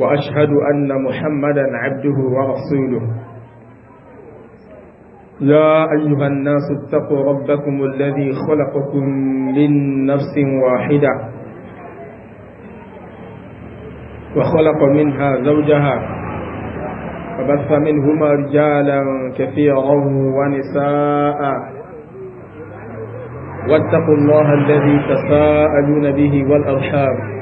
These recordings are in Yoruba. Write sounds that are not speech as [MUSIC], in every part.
وأشهد أن محمدا عبده ورسوله يا أيها الناس اتقوا ربكم الذي خلقكم من نفس واحدة وخلق منها زوجها فبث منهما رجالا كثيرا ونساء واتقوا الله الذي تساءلون به والأرحام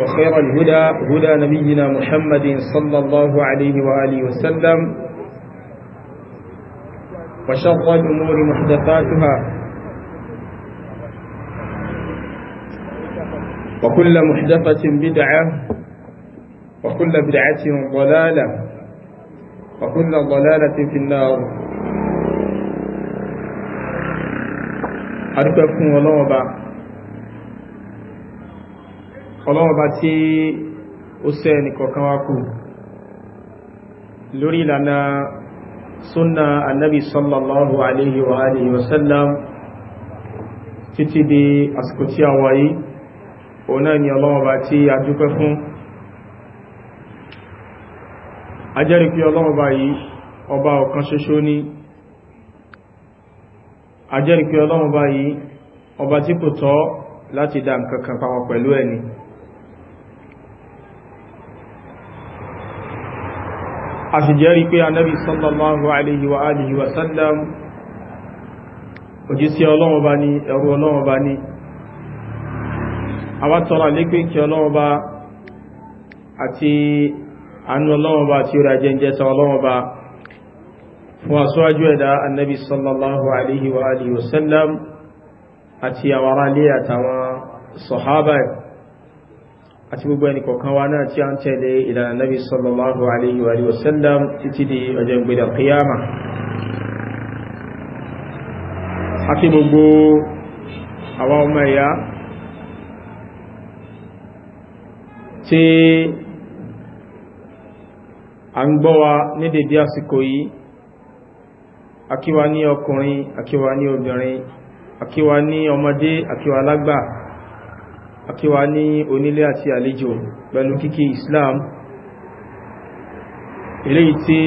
وخير الهدى هدى نبينا محمد صلى الله عليه وآله وسلم وشر الأمور محدثاتها وكل محدثة بدعة وكل بدعة ضلالة وكل ضلالة في النار أركبكم بعد ọlọ́wọ́ba tí ó sẹ́ nìkọ̀kan wá kú lórí ìlànà súnà annabi sallallahu alaihi wa alihi wasallam títí di àsìkò tí a wáyé òun ni ọlọ́wọ́ba tí a dúpẹ́ fún ajẹ́rìí pé ọlọ́wọ́ba yìí ọba ọ̀kan ṣoṣo ní ajẹ́rìí pé ọlọ́wọ́ba yìí ọba tí kò tọ́ láti dá nǹkan kan papọ̀ pẹ̀lú ẹni a ṣe jẹ́rí pé anábi sallallahu alaihi wa alihi wa sallam òjísí ọlọ́wọ́ bá ní ẹ̀rù ọlọ́wọ́ bá ní àwọn tọ́rọ lékún kí ọlọ́wọ́ bá àti anú ọlọ́wọ́ bá àti orí ajẹ́jẹta ọlọ́wọ́ bá fún aṣọ́wájú ẹ̀dá annabi sallallahu alaihi wa alihi wa sallam àti àwọn àtàwọn sọ̀hábà àti gbogbo ẹni kọ̀kan wa náà tí a ń tẹ̀lé ìlànà nabi sallallahu alaihi wasallam sallam títí di ọjọ́ ìgbèdà kíyàmà àti gbogbo àwa ọmọ ẹ̀yà tí a ń gbọ́ wa ní dédé àsìkò yìí akíwa ní ọkùnrin akíwa ní obìnrin akíwa ní ọmọdé akíwa lágbàá akíwa ní onílé àti àlejò pẹ̀lú kíkí Islam eléyìí tí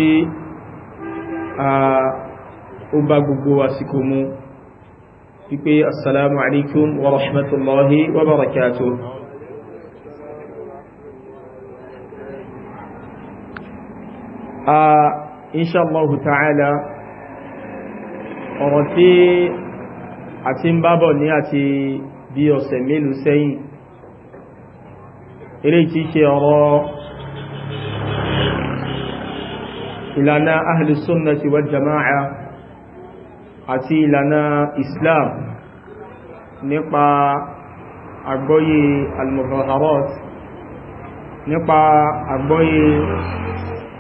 ó bá gbogbo àsìkò mú wípé assalamu alaikum wa rahmatullahi wa barakatuh a inṣallahu ta'ala ọ̀rọ̀ tí a ti ń bábọ̀ ní àti bí ọ̀sẹ̀ mélòó sẹ́yìn eléyìí tí ṣe ọ̀rọ̀ ìlànà ahlu sunnati wal jama'a àti ìlànà islam nípa àgbọ́yé al-muzaharat nípa àgbọ́yé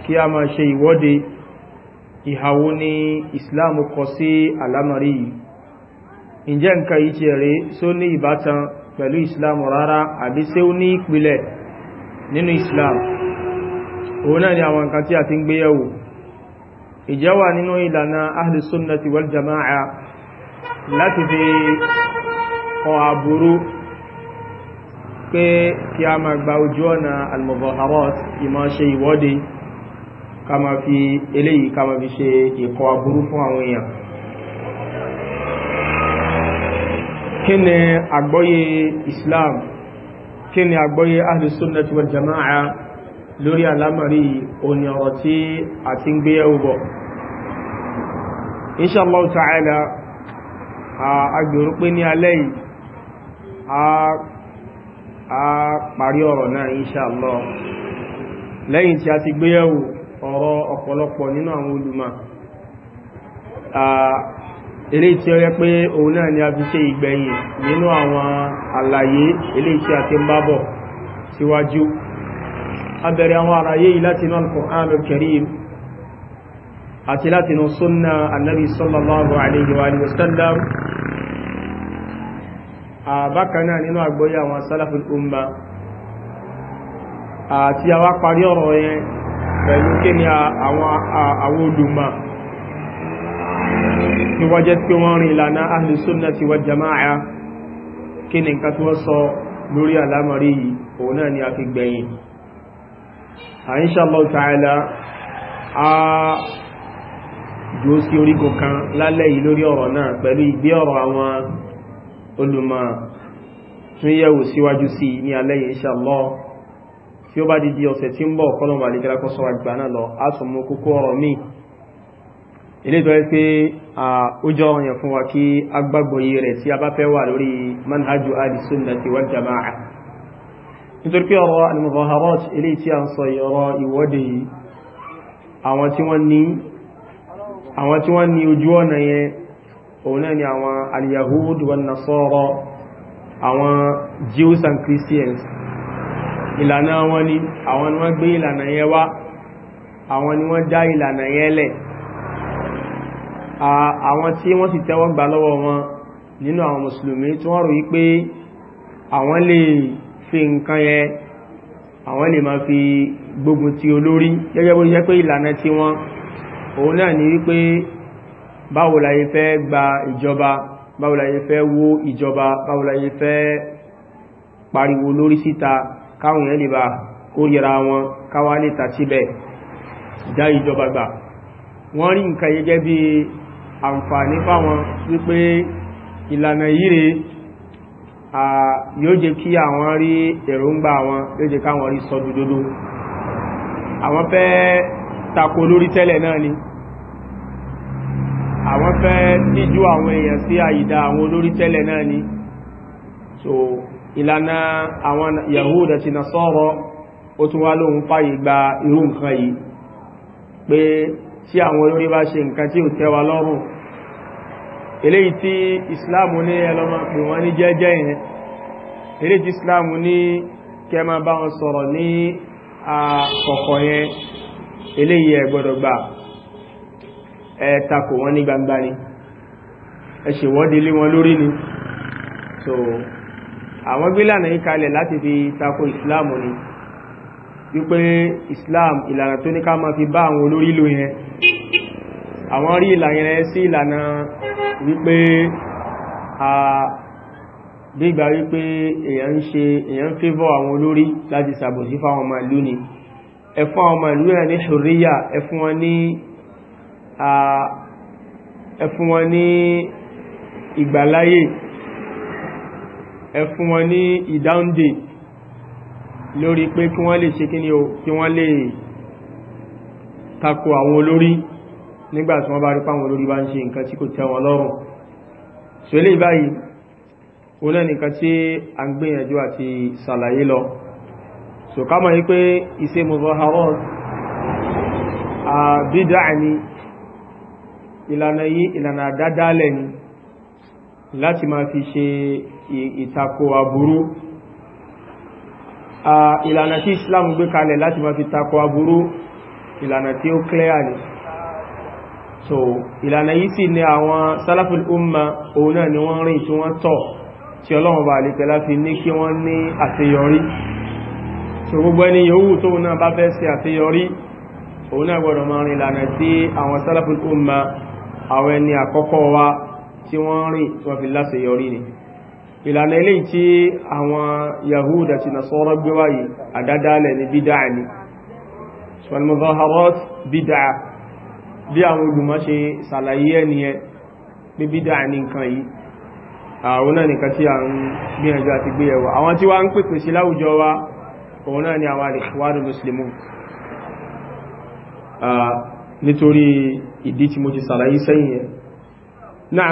kí a máa ṣe ìwọ́de ìhàwó ní islam kọ sí alamari yìí nǹkan yìí só ní ìbátan pẹ̀lú islam rárá àbí ṣé ó ní ìpìlẹ̀ nínú islam òun náà ni àwọn nǹkan tí a ti ń gbéyẹ̀wò ìjẹ́wà nínú ìlànà ahlus sunnati wal jama'a láti fi kọ àbúrú pé kí a máa gba ojú ọ̀nà al ìmọ̀ ṣe ìwọ́de ká fi eléyìí ká fi ṣe ìkọ àbúrú fún àwọn èèyàn kí ni àgbọ́yé islam kí ni àgbọ́yé ahlùsúnnàtí wal jama'a lórí alamari òní ọ̀rọ̀ tí a ti ń gbé ẹwùbọ̀ inshallah ta'ala a gbèrú pé ní alẹ́ yìí a parí ọ̀rọ̀ náà inshallah lẹ́yìn tí a ti gbé ẹwù ọ̀rọ̀ ninu awon àwọn olùmọ̀ eléyìí tí ó yẹ pé òun náà ni a fi ṣe ìgbẹ̀yìn nínú àwọn àlàyé eléyìí tí a ti ń bábọ̀ síwájú a bẹ̀rẹ̀ àwọn àlàyé yìí láti inú al-Qur'an al-Karim àti láti inú súnnà annabi sallallahu alaihi wa sallam àbákanáà ní wọ́n jẹ́ pé wọ́n rìn ìlànà ahlu sunnati wal jama'a kí ni nǹkan tí wọ́n sọ lórí àlámọ̀rí yìí òun náà ni a fi gbẹ̀yìn insha Allah ta'ala a jù sí oríkò kan lálẹ́ yìí lórí ọ̀rọ̀ náà pẹ̀lú ìgbé ọ̀rọ̀ àwọn olùmọ̀ tún yẹ̀wò síwájú sí ní alẹ́ yìí insha tí ó bá di ọ̀sẹ̀ tí ń bọ̀ kọ́lọ̀mà lè gẹ́lákọ́sọ́ àgbà náà lọ á tún mú kókó ọ̀rọ̀ míì ilé tó yẹ pé ó jọ ọ̀yàn fún wa kí agbágbọ̀ yìí rẹ̀ tí a bá fẹ́ wà lórí manhajú alìsúnnàtí wal jama'a nítorí pé ọ̀rọ̀ al-muzaharat ilé tí a ń sọ ọ̀rọ̀ ìwọ́de àwọn tí wọ́n ní ojú ọ̀nà yẹn òun náà ni àwọn al-yahud wan nasara àwọn jews and christians ìlànà wọn ni àwọn ni wọ́n gbé ìlànà yẹn wá àwọn tí wọ́n sì tẹ́wọ́ gbà lọ́wọ́ wọn nínú àwọn mùsùlùmí tí wọ́n rò wípé àwọn lè fi nǹkan yẹ àwọn lè máa fi gbógun ti olórí gẹ́gẹ́ bó jẹ́ pé ìlànà tí wọ́n òun náà ni wípé báwo la yẹ fẹ́ gba ìjọba báwo la yẹ fẹ́ wó ìjọba báwo la yẹ fẹ́ pariwo lórí síta káwọn yẹn lè bá kórìíra wọn káwà lè tàtíbẹ̀ dá ìjọba gbà wọ́n rí nǹkan yẹ bí àǹfààní fáwọn wípé ìlànà yíre yóò jẹ́ kí àwọn rí èròǹgbà wọn yóò jẹ́ káwọn rí sọdúdódó àwọn fẹ́ tako lórí tẹ́lẹ̀ náà ni àwọn fẹ́ díjú àwọn èèyàn sí àyídá àwọn olórí tẹ́lẹ̀ náà ni so ìlànà àwọn Yahuda àti Nasara ó tún wá lóhun fàyè gba irú nǹkan yìí pé tí àwọn olórí bá ṣe nǹkan tí ò tẹ́wa lọ́rùn eléyìí tí ìsìláàmù ní ẹlọ́mọ pè wọ́n ní jẹ́jẹ́ yẹn eléyìí tí ìsìláàmù ní kẹma bá wọn sọ̀rọ̀ ní àkọ̀kọ̀ yẹn eléyìí ẹ gbọ́dọ̀ gbà ẹ ní gbangba ni ẹ ṣèwọ́de lé wọn lórí ni so àwọn gbílànà yìí kalẹ̀ láti fi takò ìsìláàmù ni wípé islam ìlànà tó ní ká máa fi bá àwọn olórí lò yẹn àwọn rí ìlànà sí ìlànà wípé a gbígbà wípé èyàn ń ṣe èyàn ń fífọ́ àwọn olórí láti sàbòsí fáwọn ọmọ ìlú ni ẹfún àwọn ọmọ ìlú náà ní ṣòríyà ẹfún wọn ní ẹfún wọn ní ìgbàláyè ẹfún wọn ní ìdáúndè lórí pé kí wọ́n lè ṣe kí wọ́n lè tako àwọn olórí nígbà tí wọ́n bá rí páwọn olórí bá ń ṣe nǹkan tí kò tẹ́ wọn lọ́rùn so báyìí òun nìkan tí a ń gbìyànjú àti ṣàlàyé lọ so ká mọ̀ yí pé iṣẹ́ muzaharat bídá ni ìlànà yí ìlànà àdádálẹ̀ ni láti máa fi ṣe ìtakò aburú ìlànà tí ó clear ni so ìlànà yìí sì ni àwọn salaful umma òun náà ni wọ́n rìn tí wọ́n tọ̀ tí ọlọ́run bá lè pẹ̀lá fi ní kí wọ́n ní àṣeyọrí so gbogbo ẹni yòówù tó náà bá fẹ́ ṣe àṣeyọrí òun náà gbọ́dọ̀ máa rìn ìlànà tí àwọn salaful umma àwọn ẹni àkọ́kọ́ wa tí wọ́n rìn tí wọ́n fi láṣeyọrí ni ìlànà ilé tí àwọn Yahud àti Nasara gbé wáyìí àdádálẹ̀ ni bídáà ni so al-muzaharat bídáà bí àwọn olùmọ̀ ṣe sàlàyé ẹniyẹ pé bídá ní nǹkan yìí àwọn ah, náà nìkan tí a ń gbìyànjú àti gbé ẹwà àwọn tí wá ń pèpè sí láwùjọ wa òun náà ni àwọn àríwádùn muslimun ah, nítorí ìdí tí mo ti sàlàyé sẹ́yìn ẹ̀ náà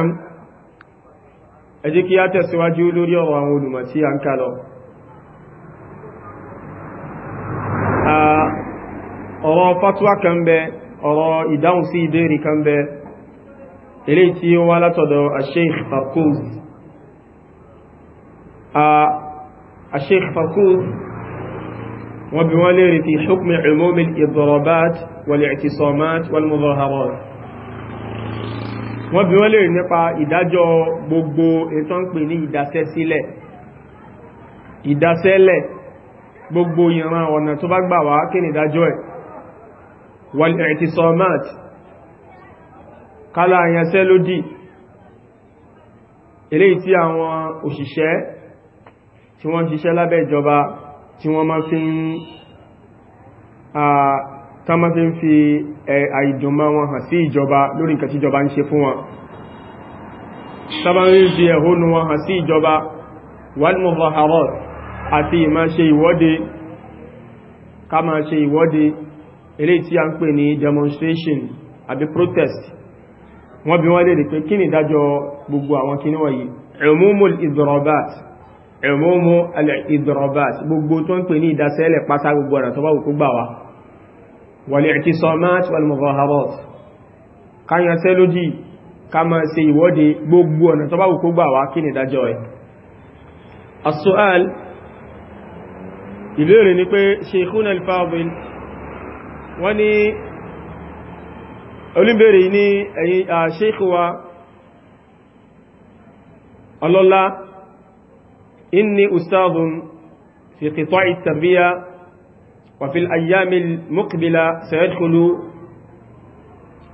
ẹ jẹ́ kí ọ̀rọ̀ àwọn a ń kà lọ ah, kan bẹ́ẹ̀ ọ̀rọ̀ ìdáhùn sí ìbéèrè kan bẹ ilé tí ó wá látọ̀dọ̀ Sheikh Farkoz Sheikh Farkoz wọ́n bí wọ́n lérí fi hukmi umumi al-idarabat wal-i'tisamat wal-mudaharat wọ́n bí wọ́n lérí nípa ìdájọ́ gbogbo ètò pè ní ìdásẹ́sílẹ̀ ìdásẹ́lẹ̀ gbogbo ìran ọ̀nà tó bá gbà wá kí ni ìdájọ́ ẹ̀ wal-i'tisamat kálá àyànṣẹ́ lódì eléyìí tí àwọn òṣìṣẹ́ tí wọ́n ṣiṣẹ́ lábẹ́ ìjọba tí wọ́n máa fi ń tán máa fi ń fi àìjọmọ́ wọn hàn sí ìjọba lórí nǹkan tí ìjọba ń ṣe fún wọn sábàrí fi ẹ̀hónú wọn hàn sí ìjọba wal-muzaharat àti ìmáṣe ṣe ìwọ́de eléyìí tí a ń pè ní demonstration àbí protest wọ́n bí wọ́n léde pé kí ni ìdájọ́ gbogbo àwọn kíní wọ̀nyí ẹ̀múmù ìdọ̀rọ̀bát ẹ̀múmù ìdọ̀rọ̀bát gbogbo tó ń pè ní ìdásẹ́lẹ̀ pátá gbogbo ọ̀nà tó bá wù kó gbà wá wàlẹ̀ ìtìsọ́mát wàlmọ̀fọ́harọ́t káyànsẹ́lójì ká máa ṣe ìwọ́de gbogbo ọ̀nà tó bá wù kó gbà wá kí ni ìdájọ́ ẹ̀ as-su'al ìbéèrè ni pé Sheikhuna al-Fadil wọ́n ní olúbèrè ní ẹ̀yìn àṣíkọwà ọlọ́lá inni ustazun fi qita'i tarbiya wa fil ayyami al-muqbila sayadkhulu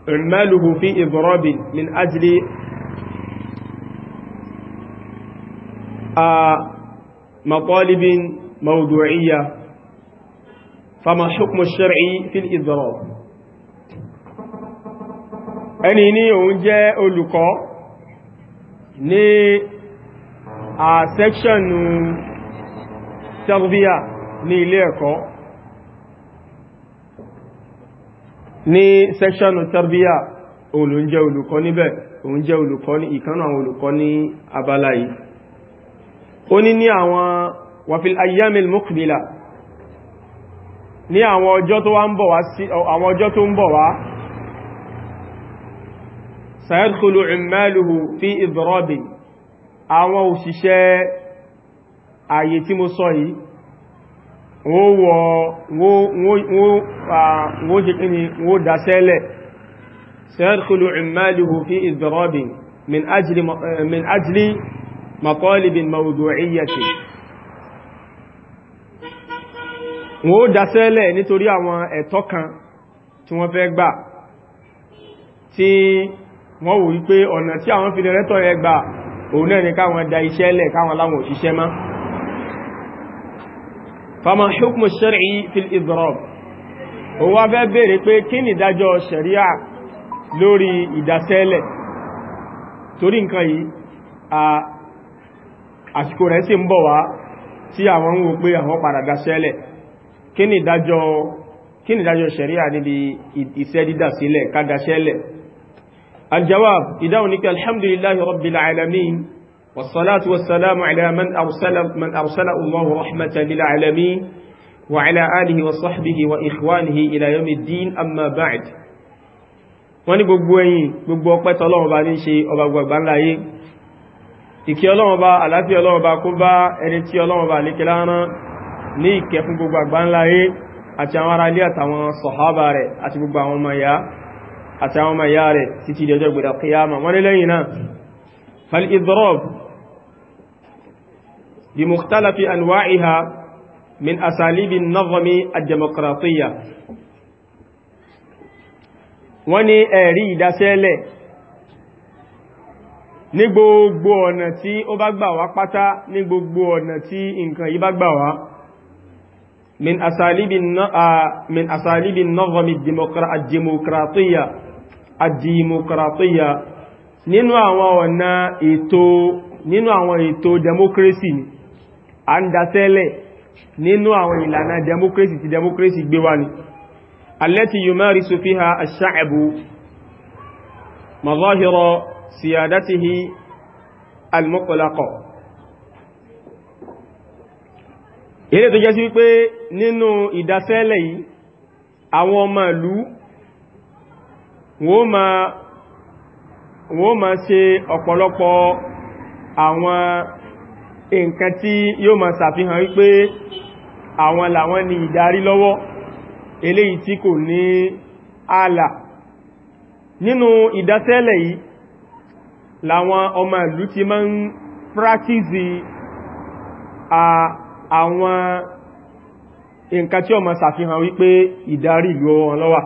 fi في min من a مطالب موضوعية فما حكم الشرع في الإضراب ẹni ní òun ني olùkọ́ ní a sẹ́kṣọ̀nù tarbiyya ní ilé ẹ̀kọ́ ní sẹ́kṣọ̀nù tarbiyya òun jẹ́ olùkọ́ níbẹ̀ òun jẹ́ olùkọ́ ní ìkánà àwọn olùkọ́ ní abala yìí ó ní ní àwọn wàfil ayyamil muqbila ní àwọn ọjọ́ tó ń bọ̀ wá sí àwọn ọjọ́ tó ń bọ̀ wá sayadkhulu ummaluhu fi idrabi àwọn òṣìṣẹ́ ààyè tí mo sọ yìí wọ́n wọ́ wọ́n jẹ́ kí ni dáṣẹ́lẹ̀ sayadkhulu ummaluhu fi idrabi min ajli maqalibin mawdu'iyyati wọ́n ó dasẹ́lẹ̀ nítorí àwọn ẹ̀tọ́ kan tí wọ́n fẹ́ gbà tí wọ́n wò wípé ọ̀nà tí àwọn fi lẹ́rẹ́tọ̀ yẹ gbà òun náà ni káwọn da iṣẹ́ káwọn láwọn òṣìṣẹ́ má fama fil ni sharia ti tí àwọn ń wo pé àwọn kí ni ìdájọ́ kí ni ìdájọ́ ṣẹ̀ríà níbi iṣẹ́ dídà sílẹ̀ kádàṣẹ́lẹ̀ aljawab ìdáhùn ní kí alhamdulillahi rabbil alamin wasalatu wasalamu ala man arsala man arsala allahu rahmatan lil alamin wa ala alihi wa sahbihi wa ikhwanihi ila yawmiddin amma ba'd wọ́n gbogbo ẹ̀yin gbogbo ọpẹ́ tọ́lọ́run bá ní ṣe ọba gbogbo ńláyé ìkí ọlọ́run bá àlàáfíà ọlọ́run bá kó bá ẹni tí ọlọ́run bá lékelárán ní ìkẹ́ fún gbogbo àgbáńláyé àti àwọn ará ilé àtàwọn sọ̀hábà rẹ̀ àti gbogbo àwọn ọmọ ìyá àti àwọn ọmọ ìyá rẹ̀ títí di ọjọ́ gbẹ̀dẹ̀ kíyàmà wọ́n lẹ́yìn náà fal idrob bi mukhtalafi anwa'iha min asalibi nazami ad-demokratiya wọ́n ní gbogbo ọ̀nà tí ó bá gbà wá pátá ní gbogbo ọ̀nà tí nǹkan yìí bá gbà wá من أساليب من أساليب النظم الديمقراطية الديمقراطية nínú àwọn ọ̀nà ètò nínú àwọn ètò democracy ni a ń dasẹ́lẹ̀ nínú àwọn ìlànà democracy ti democracy gbé wá ni allati yumarisu fiha ash-sha'bu mazahira siyadatihi al-mutlaqa eré tó jẹ́ sí wípé nínú ìdásẹ́lẹ̀ yìí àwọn ọmọ ìlú wọ́n ma wọ́n ma ṣe ọ̀pọ̀lọpọ̀ àwọn nǹkan tí yóò ma ṣàfihàn wípé àwọn làwọn ni ìdarí lọ́wọ́ eléyìí tí kò ní ààlà nínú ìdásẹ́lẹ̀ yìí làwọn ọmọ ìlú ti máa ń practice a uh, àwọn nǹkan tí ó ma ṣàfihàn wípé ìdarí ìlú wọn lọ́wà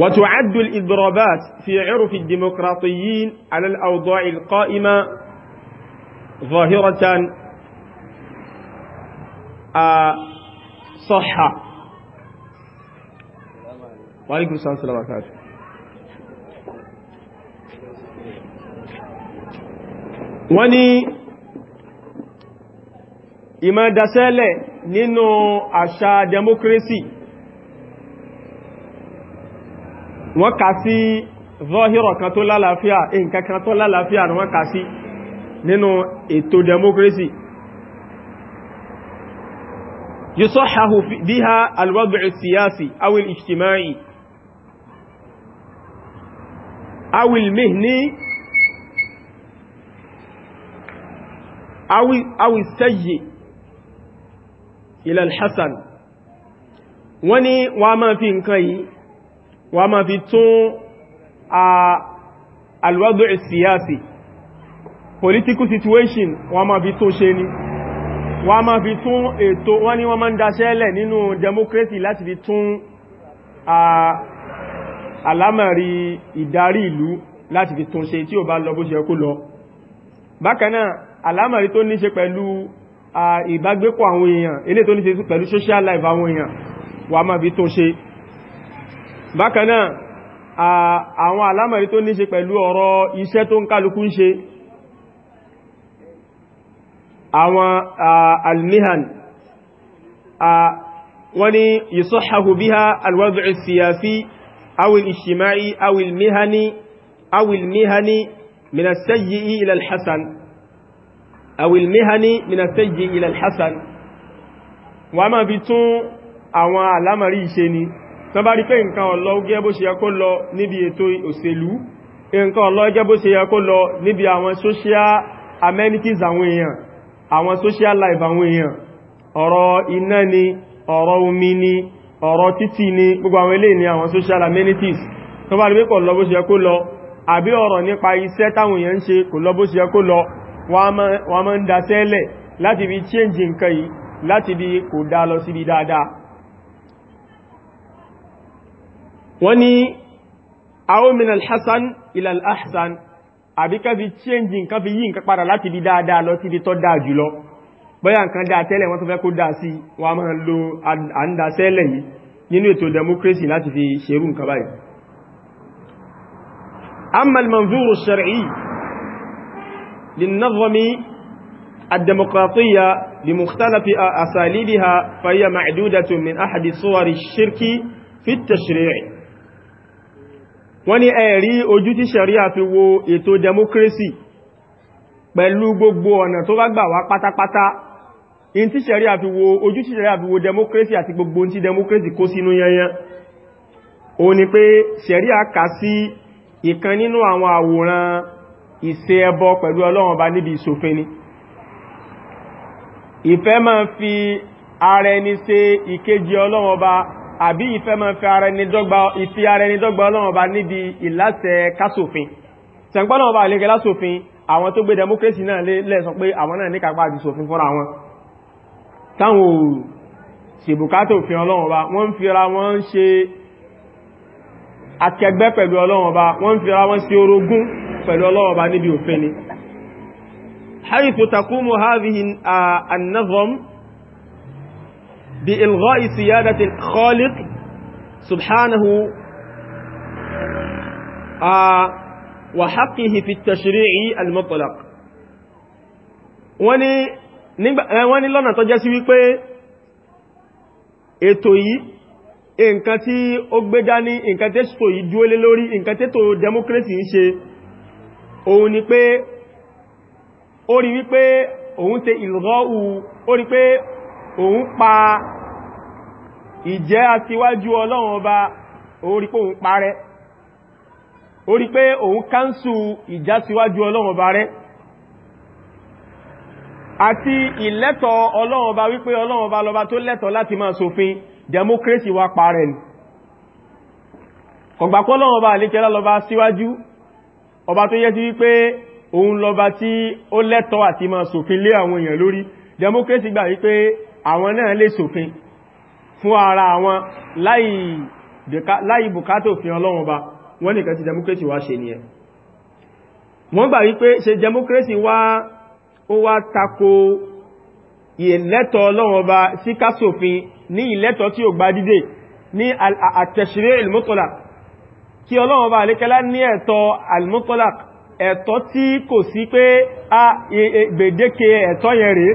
وتعد الإضرابات في عرف الديمقراطيين على الأوضاع القائمة ظاهرة صحة وعليكم السلام ورحمة الله وبركاته wọ́n ni ìmọ̀dásẹ́lẹ̀ nínú àṣà democracy wọ́n kà sí zọ́hírọ̀ kan tó lálàáfíà nǹkan kan tó lálàáfíà ni wọ́n kà sí nínú ètò democracy yusọ́hàhù bíhá alwadu siyasi awil ijtima'i awil mihni awil sayyi ila al-hasan wọ́n ní wọ́n máa fi nǹkan yìí wọ́n máa fi tún a alwado siyasi political situation wọ́n máa fi tún ṣe ni wọ́n máa fi tún ètò wọ́n ní wọ́n máa ń daṣẹ́lẹ̀ nínú democracy láti fi tún a alámàrí ìdarí ìlú láti fi tún ṣe tí ó bá lọ bó ṣe kó lọ bákan náà tó ní ṣe pẹ̀lú ìbágbépọ̀ àwọn èèyàn ilé tó ní ṣe pẹ̀lú social life àwọn èèyàn wà máa bí tó ṣe bákan náà àwọn alámọ̀rí tó ní ṣe pẹ̀lú ọ̀rọ̀ iṣẹ́ tó ń kálukú ń ṣe àwọn almihan wọ́n ni yusahhahu biha alwad'u as-siyasi aw al awil mihani min as Hassan, ila al-hasan wọ́n máa fi tún àwọn àlámọ̀rí ìṣe ni tán bá rí pé nǹkan ọ̀lọ́ gẹ́ bó ṣe yẹ lọ níbi ètò òṣèlú nǹkan ọ̀lọ́ gẹ́ bó ṣe yẹ lọ níbi àwọn social amenities àwọn èèyàn àwọn social life àwọn èèyàn ọ̀rọ̀ iná ni ọ̀rọ̀ omi ni ọ̀rọ̀ títì ni gbogbo àwọn eléyìí ni àwọn social amenities tán bá rí pé kò lọ bó ṣe yẹ kó lọ àbí ọ̀rọ̀ nípa iṣẹ́ táwọn èèyàn ń ṣe kò lọ bó ṣe yẹ lọ wọ́n mọ́ ń da sẹ́lẹ̀ láti bí change nǹkan yìí láti bí kò dá lọ síbi dáadáa wọ́n ní awomin alhassan ila alhassan àbí ká fi change nǹkan fi yí nǹkan padà láti bí dáadáa lọ síbi tó dáa jùlọ bóyá nǹkan dáa tẹ́lẹ̀ wọ́n tó fẹ́ kó dáa sí wọ́n mọ́ lo àndasẹ́lẹ̀ yìí nínú ètò democracy láti fi ṣerú nǹkan báyìí amma manzuru ash للنظم الديمقراطية بمختلف أساليبها فهي معدودة من أحد صور الشرك في التشريع wọ́n ní ẹ̀rí ojú tí ṣẹ̀ríà fi wo ètò democracy pẹ̀lú gbogbo ọ̀nà tó bá gbà wá pátápátá in tí ṣẹ̀ríà fi wo ojú tí ṣẹ̀ríà fi wo democracy àti gbogbo tí democracy kó sínú yanyan ó ní pé ṣẹ̀ríà kà sí ìkan nínú àwọn àwòrán ìṣe ẹbọ pẹ̀lú ọlọ́run ọba níbi ìṣòfin ni ìfẹ́ máa fi ara ẹni ṣe ìkejì ọlọ́run ọba àbí ìfẹ́ máa fi ara ẹni dọ́gba ìfi ara ẹni dọ́gba ọlọ́run ọba níbi ìlàṣẹ kásòfin ṣẹ̀ǹpọ́n ọba àlẹ́gẹ́ lásòfin àwọn tó gbé democracy náà lẹ́sọ pé àwọn náà níkàpá àti ṣòfin fúnra wọn táwọn ò ṣèbùkátà òfin ọlọ́run ọba wọ́n ń fira wọn ń ṣe akẹgbẹ́ pẹ̀lú ọlọ́run ọba wọ́n ń fira wọn ṣe orogún pẹ̀lú ọlọ́wọ́ bá níbi òfin ni haythu takumu hadhihi an-nazm bi ilgha'i siyadati al-khaliq subhanahu wa haqqihi fi at-tashri'i al-mutlaq wọ́n ní lọ́nà tó sí wípé ètò yìí nǹkan tí ó gbé dání nǹkan tẹ́sìtò yìí dúó lé lórí nǹkan tẹ́tò democracy ń ṣe òun ni pé ó rí wípé òun ṣe ìlọ́wù ó rí pé òun pa ìjẹ́ aṣíwájú ọlọ́run ọba ó rí pé òun parẹ́ ó rí pé òun káńsù ìjásíwájú ọlọ́run ọba rẹ̀ àti ìlẹ́tọ̀ ọlọ́run ọba wípé ọlọ́run ọba lọba tó lẹ́tọ̀ láti máa ṣòfin democracy wa parẹ́ ni kọ̀gbàkọ́ ọlọ́run ọba àlékẹ́lá lọba síwájú ọba tó yẹ sí wípé òun lọba tí ó lẹ́tọ́ àti máa ṣòfin lé àwọn èèyàn lórí democracy gbà wípé àwọn náà lè ṣòfin fún ara àwọn láì bùkátà òfin ọlọ́run ba wọ́n nìkan tí democracy wá ṣe nìyẹn wọ́n gbà wípé ṣe democracy wá ó wá tako ìlẹ́tọ̀ ọlọ́run ọba sí ká ṣòfin ní ìlẹ́tọ̀ tí ò gbà dídè ní àtẹ̀ṣeré ìlúmọ́tọ̀lá kí ọlọ́run ọba àlékẹ́lá ní ẹ̀tọ́ al-mutlaq ẹ̀tọ́ tí kò sí pé a e, e, gbèdéke ẹ̀tọ́ yẹn rèé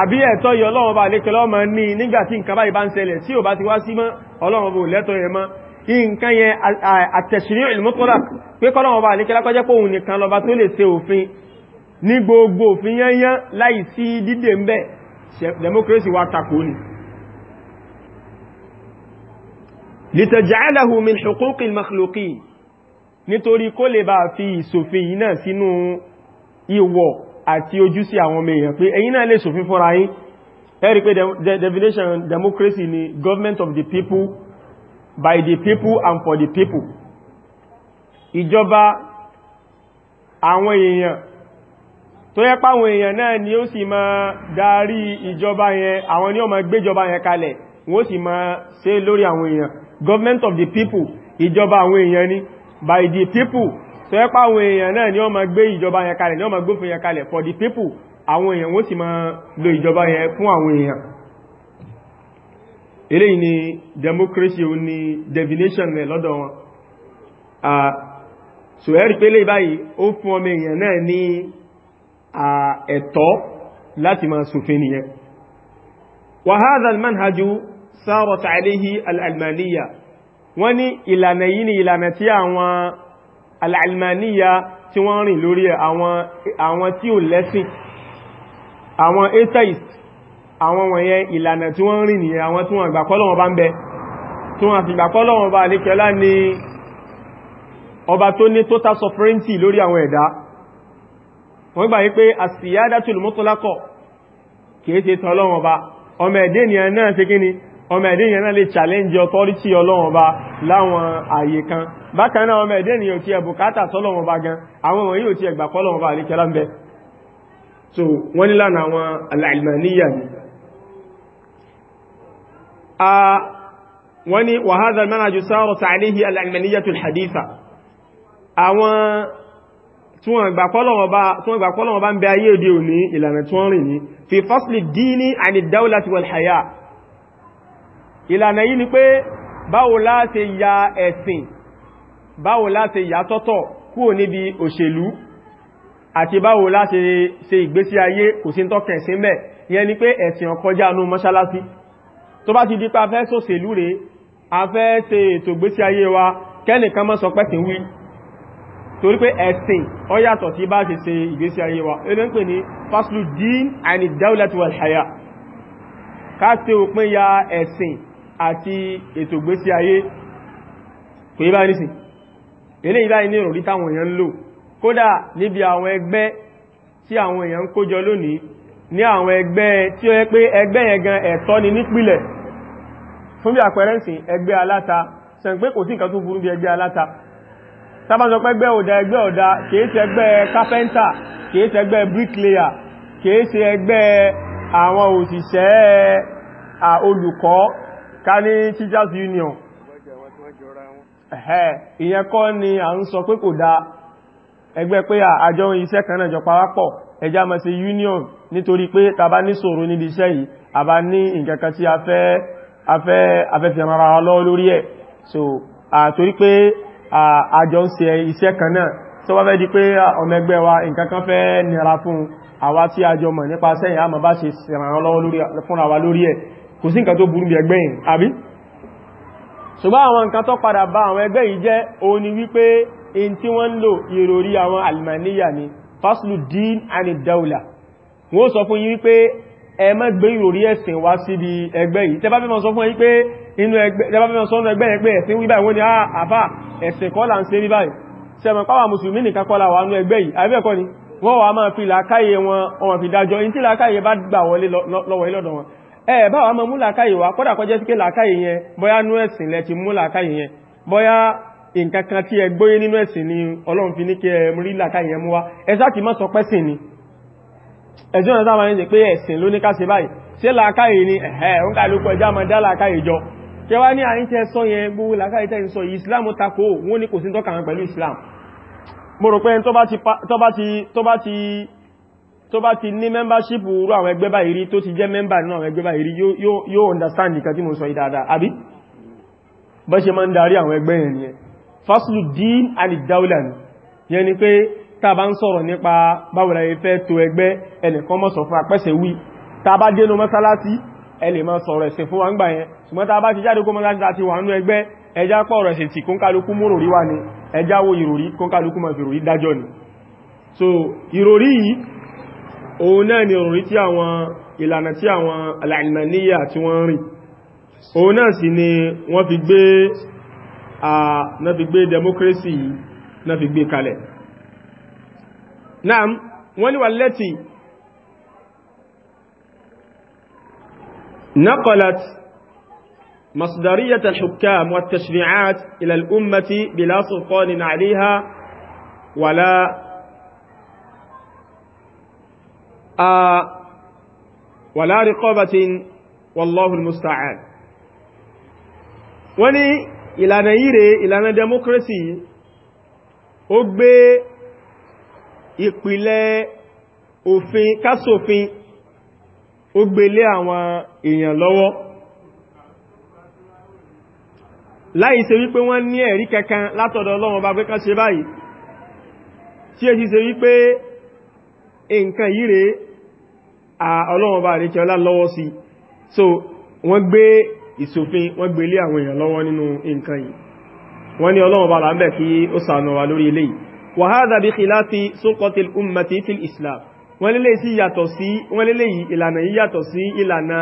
àbí ẹ̀tọ́ yìí ọlọ́run ọba àlékẹ́lá ọmọ ní nígbàtí nǹkan báyìí bá ń ṣẹlẹ̀ tí ò bá ti wá sí mọ́ ọlọ́run ọba ò lẹ́tọ̀ yẹn mọ́ wa takò litaj'alahu min huquqil makhluqin nítorí kó lè bá fi ìsòfin yìí náà sínú ìwọ̀ àti ojú sí àwọn ọmọ èèyàn pé ẹ̀yin náà lè sòfin fúnra yín ẹ rí pé definition democracy ni government of the people by the people and for the people ìjọba àwọn èèyàn tó yẹ páwọn èèyàn náà ni ó sì máa darí ìjọba yẹn àwọn ni ó máa gbéjọba yẹn kalẹ̀ wọ́n sì máa ṣe lórí àwọn èèyàn government of the people ìjọba àwọn èèyàn ni by the people tó yẹ pa àwọn èèyàn náà ni wọ́n máa gbé ìjọba yẹn kalẹ̀ ni wọ́n máa gbófin yẹn kalẹ̀ for the people àwọn èèyàn wọ́n sì máa lo ìjọba yẹn fún àwọn èèyàn eléyìí ni democracy ó ní definition rẹ̀ lọ́dọ̀ wọn so ẹ̀rí pé lè báyìí ó fún ọmọ èèyàn náà ní ẹ̀tọ́ láti máa ṣòfin nìyẹn wa hadha sáàrọ̀ tàìléhì al'almaniya wọ́n ní ìlànà yìí ni ìlànà tí àwọn al'almaniya tí wọ́n rìn lórí àwọn tí ò lẹ́sìn àwọn atheist àwọn wọ̀nyẹn ìlànà tí wọ́n rìn ní àwọn tí wọ́n gbàkọ́lọ́wọ́ bá ń bẹ tí wọ́n fi gbàkọ́lọ́wọ́ bá alékẹ́lá ni ọba tó ní total sovereignty ọmọ ẹ̀dẹ́ ènìyàn náà ṣe kíni ọmọ ẹ̀dẹ́ yẹn náà lè challenge authority ọlọ́wọ́n ba láwọn àyè kan bákan náà ọmọ ẹ̀dẹ́ nìyàn tí ẹ bùkátà sọ́lọ́wọ́n ba gan àwọn wọ̀nyí ò ti ẹ̀gbà kọ́lọ́wọ́n ba àríkẹ́lá ń bẹ so wọ́n ní lánàá àwọn alàìmàníyà ni a wọ́n ní wàhádà mẹ́nàjú sáàrọ̀ sàálẹ́hì alàìmàníyà tó haditha àwọn tí wọ́n gbà kọ́lọ́wọ́n ba ń bẹ ayé òde òní ìlànà tí wọ́n rìn ní fi fasli dini àni dáúlá ti wàlhàyà ìlànà yìí ni pé báwo la ya ẹ̀sìn báwo la ya tọ́tọ̀ kúrò níbi òṣèlú àti báwo la ṣe ṣe ìgbésí ayé kò sí tọ́kẹ̀ sí mẹ́ yẹn ni pé ẹ̀sìn ọkọjá anú mọ́ṣálásí tó bá ti di pa fẹ́ sóṣèlú rẹ̀ a fẹ́ ṣe ètò ìgbésí ayé wa kẹ́nìkan mọ́ sọ pẹ́sìn wí torí pé ẹ̀sìn ó yàtọ̀ tí bá ṣe ṣe ìgbésí ayé wa ẹgbẹ́ ń pè ní faslu din and dawlat wal haya ká ṣe òpin ya ẹ̀sìn àti ètò gbésí ayé kò yí bá ní sí ilé ìbá ní ìròrí táwọn èèyàn ń lò kódà níbi àwọn ẹgbẹ́ tí àwọn èèyàn kójọ lónìí ní àwọn ẹgbẹ́ tí ó yẹ pé ẹgbẹ́ yẹn ẹ̀tọ́ ni nípìlẹ̀ fún bí àpẹẹrẹ ń sìn ẹgbẹ́ aláta sẹ̀ pé kò sí nǹkan tó burú bí ẹgbẹ́ aláta sábàjọ pé ẹgbẹ́ ọ̀dà ẹgbẹ́ ọ̀dà kìí ṣe ẹgbẹ́ kápẹ́ntà kìí ṣe ẹgbẹ́ bricklayer kìí ṣe ẹgbẹ́ àwọn òṣìṣẹ́ olùkọ́ ká ní teachers union ẹ̀hẹ́ ìyẹn kọ́ ni à ń sọ pé kò dá ẹgbẹ́ pé àjọ iṣẹ́ kan náà jọ pawápọ̀ ẹjá máa ṣe union nítorí pé tàbá ní ṣòro níbi iṣẹ́ yìí àbá ní nǹkankan tí a fẹ́ afẹ́fẹ́ ara lọ lórí ẹ̀ so àtorí pé àjọ ń ṣe iṣẹ́ kan náà tó wá fẹ́ di pé ọmọ ẹgbẹ́ wa nǹkankan fẹ́ nira fún àwa tí àjọ mọ̀ nípa sẹ́yìn àmọ́ bá ṣe ṣèrànlọ́wọ́ lórí ẹ̀ kò sí nǹkan tó burú bí ẹgbẹ́ yìí àbí ṣùgbọ́n àwọn nǹkan tó padà bá àwọn ẹgbẹ́ yìí jẹ́ o ni wípé in tí wọ́n ń lò ìròrí àwọn almaniya ni faslu din and daula wọ́n sọ fún yín wípé ẹ má gbé ìròrí ẹ̀sìn wá síbi ẹgbẹ́ yìí tẹ́bá fẹ́ mọ́ sọ fún yín pé inú ẹgbẹ́ yẹn pé ẹ̀sìn wí báyìí wọ́n ni ah, àfà ẹ̀sìn kọ́ là ń ṣe ní báyìí sẹ́mọ̀ pàwà ẹ báwa mọ mú wá kódà sí pé làákàyè yẹn nú ẹ̀sìn lẹ ti mú làákàyè yẹn bóyá tí ẹ gbóyé nínú ẹ̀sìn ni Ọlọ́run fi ní kí ẹ rí làákàyè yẹn mú wá ti sọ pẹ́sìn ni ẹjọ́ náà sáwọn ẹ̀sìn pé ẹ̀sìn ló ni jọ sọ yẹn gbogbo làákàyè tẹ́ sọ Islam takò wọ́n Islam tó bá ti ní membership rú àwọn ẹgbẹ́ báyìí rí tó ti jẹ́ member náà àwọn ẹgbẹ́ báyìí rí yóò understand nǹkan tí mo sọ yìí dáadáa àbí bọ́ ṣe máa ń darí àwọn ẹgbẹ́ yẹn nìyẹn faslu din alidawla ni yẹn ni pé tá a bá ń sọ̀rọ̀ nípa báwo la fẹ́ tó ẹgbẹ́ ẹnìkan mọ̀ sọ fún apẹ́sẹ̀ wí tá a bá dénú mọ́sálásí ẹ lè máa sọ̀rọ̀ ẹ̀sìn fún wa ń gbà yẹn ṣùgbọ́n tá a bá ti jáde kó mọ́sálásí àti wà nú ẹgbẹ́ ẹjá pọ̀rọ̀ ẹ̀sìn tí kónkálukú múrò rí wá ni ẹjá wo ìròrí kónkálukú mọ̀ ìròrí so ìròrí yìí òun náà ni òrùn tí àwọn ìlànà tí àwọn alàìmàníyà tí wọ́n rìn òun náà sì ni wọ́n fi gbé náà fi gbé democracy náà fi gbé kalẹ̀ náà wọ́n ni wà lẹ́tì نقلت مصدرية الحكام والتشريعات إلى الأمة بلا سلطان عليها ولا wala riqabatin wallahu almusta'an wọ́n ní ìlànà yíre ìlànà democracy ó gbé ìpìlẹ̀ òfin kásòfin ó gbélé àwọn èèyàn lọ́wọ́ láì ṣe wípé wọ́n ní ẹ̀rí kankan látọ̀dọ̀ Ọlọ́run bá pé ṣe báyìí tí è ti ṣe wípé nǹkan yíre ọlọ́wọ́ bá àríkẹ́ ọlá lọ́wọ́ sí so wọ́n gbé ìṣòfin wọ́n gbé lé àwọn èèyàn lọ́wọ́ nínú nǹkan yìí wọ́n ní ọlọ́wọ́ bá lábẹ̀ kí ó ṣàánú wa lórí eléyìí wa hadha bi khilafi sulqatil ummati fil islam wọ́n lélẹ̀ sí yàtọ̀ sí wọ́n lélẹ̀ yìí ìlànà yìí yàtọ̀ sí ìlànà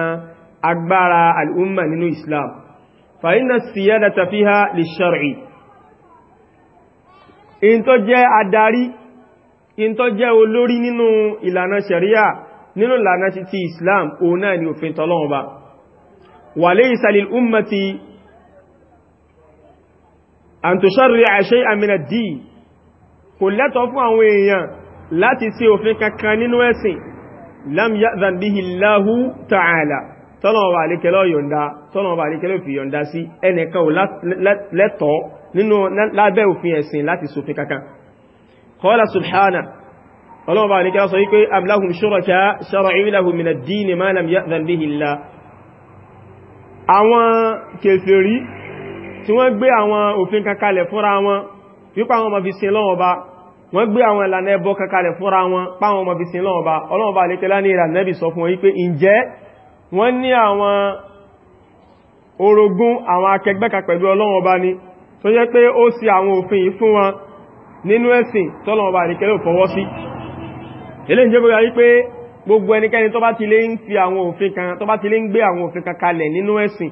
agbára al'umma nínú islam fa inna siyadata fiha lish-shar'i in tó jẹ́ adarí in tó jẹ́ olórí nínú ìlànà sharia nínú lànà ti ti islam òun náà ni òfin tọ́lọ́wọ́ bá wà lè ìsàlìl ummati àntòṣàrí àṣẹ àmìnà dì kò lẹ́tọ̀ fún àwọn èèyàn láti sí òfin kankan nínú ẹ̀sìn lam ya'zan bihi Allahu ta'ala tọ́lọ́wọ́ bá alékẹ́lọ́ yọ̀nda tọ́lọ́wọ́ bá alékẹ́lọ́ fi yọ̀nda sí ẹnìkan lẹ́tọ̀ nínú lábẹ́ òfin ẹ̀sìn láti sófin kankan qala subhanahu ọlọ́wọ́ bá ní kí a sọ wípé am lahum shuraka shara'u lahum min ad-dini ma lam ya'dhan bihi Allah àwọn kèfèrí tí wọ́n gbé àwọn òfin kankalẹ̀ fúnra wọn wípé àwọn ọmọ fi sin lọ́wọ́ bá wọ́n gbé àwọn ìlànà ẹbọ kankalẹ̀ fúnra wọn páwọn ọmọ fi sin lọ́wọ́ bá ọlọ́wọ́ bá ní kẹlá ní ìrànẹ́bì sọ fún wọn eléyìí jẹ́ bóyá wípé gbogbo ẹnikẹ́ni tó bá ti lé ń fi àwọn òfin kan tó bá ti lé ń gbé àwọn òfin kan kalẹ̀ nínú ẹ̀sìn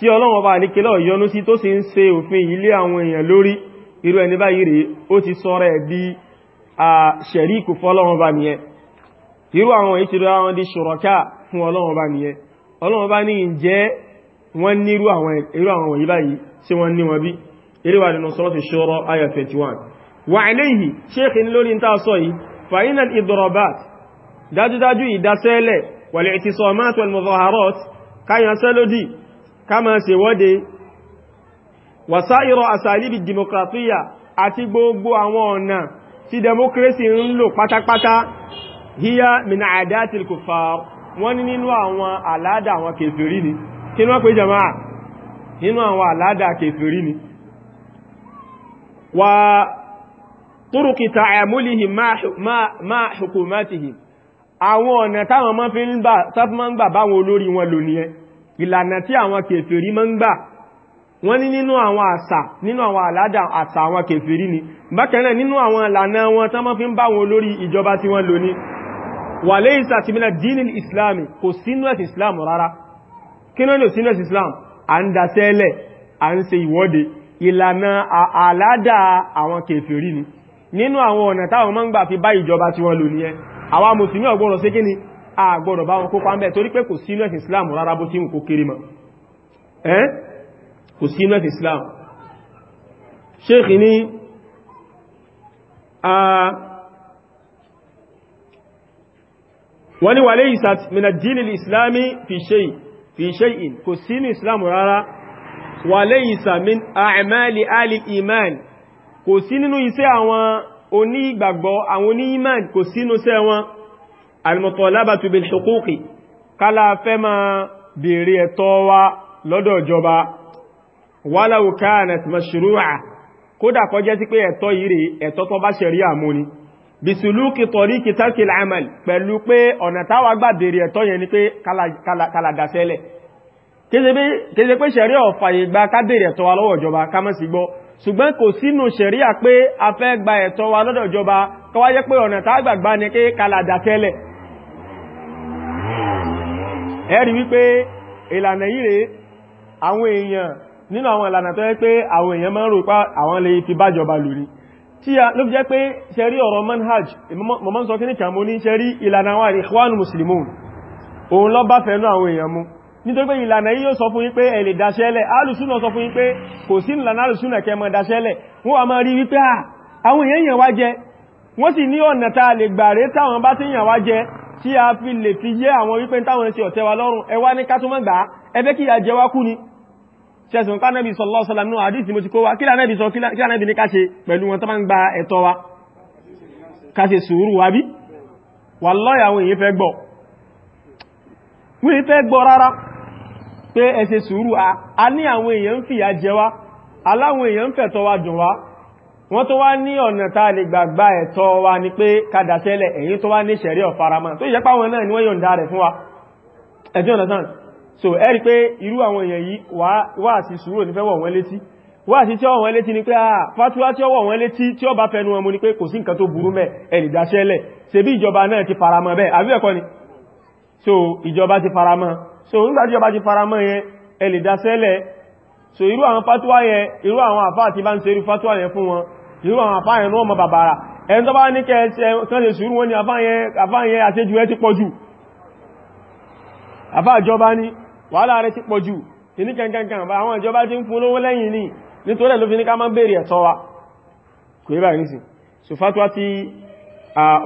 tí ọlọ́run ọba àníkẹ́lọ́ yọ́nú sí tó sì ń ṣe òfin ilé àwọn èèyàn lórí irú ẹni báyìí rèé ó ti sọ́rọ̀ ẹ̀ di ṣẹ̀ríkù fọ́lọ́run ọba nìyẹn irú àwọn èyí ti rọ àwọn di ṣùrọ̀ká fún ọlọ́run ọba nìyẹn ọlọ́run ọba ní ǹjẹ́ wọ́n ní irú àwọn èyí báyìí tí wọ́n ní wọn bí eré wà nínú sọ́rọ̀ fi ṣọ́rọ̀ ayọ̀ 21 wà eléyìí ṣéèkì ní lórí ń tà sọ yìí فإن الإضرابات داجو داجو إداسيلي والاعتصامات والمظاهرات كان يسلدي كما سيودي وسائر أساليب الديمقراطية àti gbogbo àwọn ọ̀nà tí democracy ń lò pátápátá hiya min àdátil kufar wọ́n ní nínú àwọn àládà àwọn kèfèrí ni kí wọ́n pè jama'a nínú àwọn àládà kèfèrí ni wà turuki ta'amulihim ma hukumatihim àwọn ọ̀nà táwọn ma fi ń gbà sáfí ma ń gbà báwọn olórí wọn lò ní ẹ ìlànà tí àwọn kèfèrí ma ń gbà wọ́n ní nínú àwọn àṣà nínú àwọn àládà àṣà àwọn kèfèrí ni bákanáà nínú àwọn ìlànà wọn tán ma fi ń báwọn olórí ìjọba tí wọ́n lò ní wà lẹ́yìn sàtìmílẹ̀ dínil islami kò nínú àwọn ọ̀nà táwọn máa ń gbà fi bá ìjọba tí wọ́n lò ní ẹ àwa mùsùlùmí ọgbọ́rọ̀ sí kí ni a gbọ́dọ̀ bá wọn kópa ń bẹ̀ torí pé kò sínú ẹ̀sìn Islam rárá bó tí ń kó kéré mọ̀ kò sínú ẹ̀sìn Islam Sheikh ní a wọ́n ni wàlé kò sí nínú iṣẹ́ àwọn oní ìgbàgbọ́ àwọn oní iman kò sínú iṣẹ́ wọn al-mutalabatu bil huquqi kálá fẹ́ ma bèèrè ẹ̀tọ́ wa lọ́dọ̀ ìjọba walau kanat mashru'a kódà kó jẹ́ sí pé ẹ̀tọ́ yìí bisuluki tọ̀ríkì tarkil amal pẹ̀lú pé ọ̀nà táwà gbà bèèrè ẹ̀tọ́ yẹn ni pé kàlàdàsẹ́lẹ̀ kéde pé ṣẹ̀rí ọ̀fàyè gba ká ẹ̀tọ́ wa lọ́wọ́ ìjọba ká má sì gbọ́ ṣùgbọ́n kò sínú ṣẹ̀ríà pé a fẹ́ gba ẹ̀tọ́ wa lọ́dọ̀ ìjọba kọ́ wáyé pé ọ̀nà tá gbàgbá ni pé kàlàdà tẹ́lẹ̀ ẹ̀rí wípé ìlànà yìí rèé àwọn èèyàn nínú àwọn ìlànà tó yẹ pé àwọn èèyàn máa ń rò pa àwọn lè fi bájọba lò rí tí a ló nítorí pé ìlànà yíò sọ fún yín pé ẹ lè dáṣẹ́lẹ̀ alùsúnà sọ fún yín pé kò sí ìlànà alùsúnà kẹ́ mọ́ dáṣẹ́lẹ̀ wọ́n wà máa rí wípé àwọn èèyàn wá jẹ wọ́n sì ní ọ̀nà tá a lè gbàrẹ́ táwọn bá ti yàn wá jẹ tí a fi lè fi yé àwọn wípé táwọn ṣe wa lọ́rùn ẹ wá ní kátúmọ̀ gbà ẹ fẹ́ kí sallallahu alaihi wasallam wa kí lànẹ́bí sọ kí lànẹ́bí ní ká ṣe pẹ̀lú wọn tó máa ń gba ẹ̀tọ́ wa ká ṣe sùúrù wa fẹ́ gbọ́ rárá pé ẹ sùúrù a ní àwọn èèyàn ń fìyà jẹ wá aláwọn èèyàn ń fẹ̀tọ́ wa dùn wá wọ́n tó wá ní ọ̀nà tá a lè gbàgbà ẹ̀tọ́ wa ni pé kàdà tẹ́lẹ̀ ẹ̀yìn tó wá ní ṣẹ̀rí ọ̀faramá tó ìjẹ́pá wọn náà ni wọ́n yọ̀ǹda rẹ̀ fún wa ẹ̀tí ọ̀nà tán so ẹ rí pé irú àwọn èèyàn yìí wà sí sùúrù ní fẹ́ wọ̀ wọ́n létí wà sí tí ó wọ̀ wọ́n létí ni pé ah fatuwa tí ó wọ̀ wọ́n létí tí ó bá fẹnu wọn mu ni pé kò sí nǹkan tó burú mẹ́ ẹ̀lì dáṣẹ́lẹ̀ ṣebí ìjọba náà ti faramọ́ bẹ́ẹ̀ àbí ẹ̀kọ́ ni so ìjọba ti faramọ́ so nígbà tí ọba ti faramọ́ yẹn ẹ lè so irú àwọn fatuwa yẹn irú àwọn àfá àti bá ń ṣe irú fatuwa yẹn fún wọn irú àwọn àfá yẹn náà mọ bàbàrà ẹni tó bá ní kẹ́ẹ̀ṣẹ́ kan lè sùúrù wọn ni àfá yẹn àṣejù ẹ ti pọ̀ jù àfá ìjọba ní wàhálà rẹ ti pọ̀ jù so fatuwa ti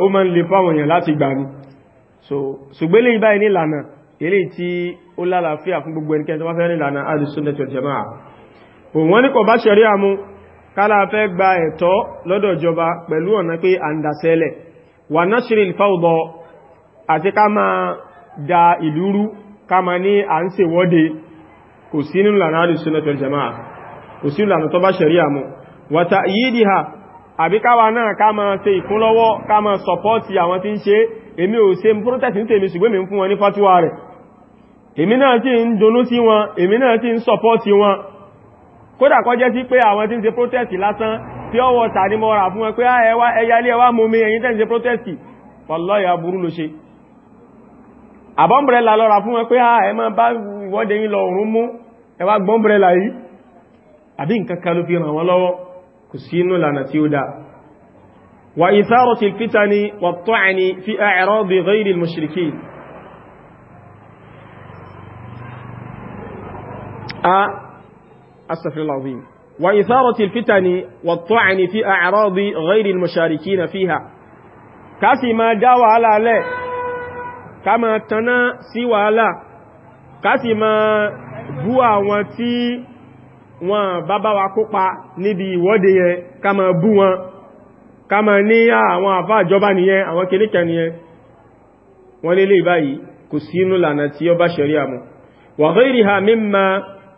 ó máa ń le fáwọn èèyàn so ṣùgbélé ìbáyìí ní ìlànà eléyìí tí ó lálàáfíà fún gbogbo ẹnikẹ́ni tó bá fẹ́ nílànà al-sunnah wal jama'ah wọ́n ní kò bá ṣẹ̀rí àmú fẹ́ gba ẹ̀tọ́ lọ́dọ̀ ìjọba pẹ̀lú ọ̀nà pé àndàsẹ́lẹ̀ wà náṣírí ìfáwọ̀dọ̀ àti ká máa da ìlúrú ká máa ní à ń ṣe wọ́de kò sí nínú lànà tó èmi náà tí ń donú sí wọn èmi náà tí ń sọpọ́tì wọn kódà kọ́ jẹ́ sí pé àwọn tí ń ṣe protest lásán tí ó wọ́ tà ní mọ́ ra fún wọn pé ẹwà ah, ẹyà ilé ẹwà mú mi ẹ̀yin tẹ́ ń ṣe protest wallahi aburú ló ṣe àbọ́mbrẹ́là lọ́ra fún wọn pé ah, fi ràn wọ́n lọ́wọ́ kò sí a astaghfirullah azim wa itharati alfitani wa ta'ani fi a'radi ghayri almusharikin fiha kasi ma da wàhálà le kama tana sí wàhálà kasi ma bú àwọn tí wọn bàbá wa kópa níbi ìwọ́de yẹn ká ma bú wọn ká ma ní àwọn àfá àjọba nìyẹn àwọn kìníkà nìyẹn wọ́n lélẹ̀ báyìí kò sínú lànà tí ó bá ṣẹ̀rí àmú wa ghayriha mimma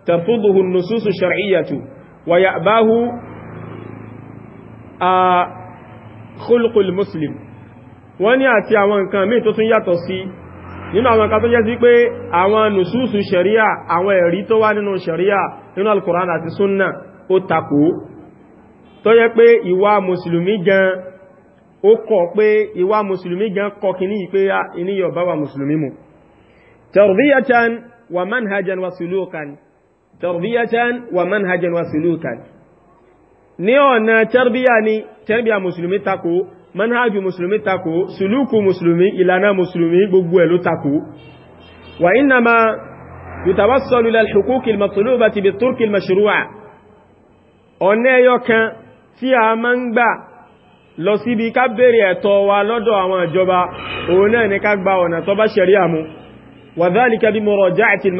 ترفضه النصوص الشرعية ويأباه خلق المسلم wọ́n ní àti àwọn nǹkan míì tó tún yàtọ̀ sí nínú àwọn nǹkan tó jẹ́ sí pé àwọn nùsùsù ṣẹ̀ríà àwọn ẹ̀rí tó wá nínú ṣẹ̀ríà nínú alkùnrán àti súnnà ó takò tó yẹ pé ìwà mùsùlùmí gan ó kọ̀ pé ìwà mùsùlùmí gan kọ kìíní pé iníyọ̀ ah, bá wà mùsùlùmí mu tarbiyatan wa manhajan wa sulukan tarbiyatan wa manhajan wa sulukan ní ọ̀nà tarbiya ni tarbiya musulmi tako manhaju musulmi tako suluku musulmi ìlànà musulmi gbogbo ẹ̀ ló tako wa inna ma yutawassalu lil huquqi al matlubati bi turq al mashru'a ọ̀nà ẹyọ kan tí a máa ń gbà lọ síbi ká bèèrè wa lọ́dọ̀ àwọn ìjọba òun ni ká gba ọ̀nà tó bá ṣẹ̀ríà mu wa dhalika bi muraja'ati al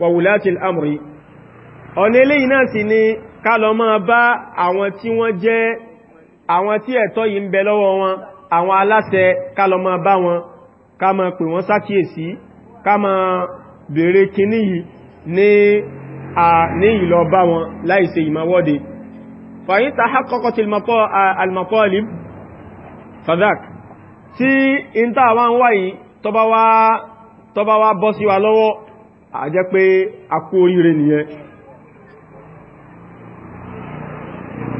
wa wulati al-amri ọ̀nà eléyìí náà sì ni ká lọ máa bá àwọn tí wọ́n jẹ́ àwọn tí ẹ̀tọ́ yìí ń bẹ lọ́wọ́ wọn àwọn aláṣẹ ká lọ máa bá wọn ká máa pè wọ́n sákíyèsí ká máa bèèrè kíní yìí ní ìlọ bá wọn láìṣe ìmọ̀wọ́de tọba wá bọ́ sí wa lọ́wọ́ a jẹ́ pé a kú oríire nìyẹn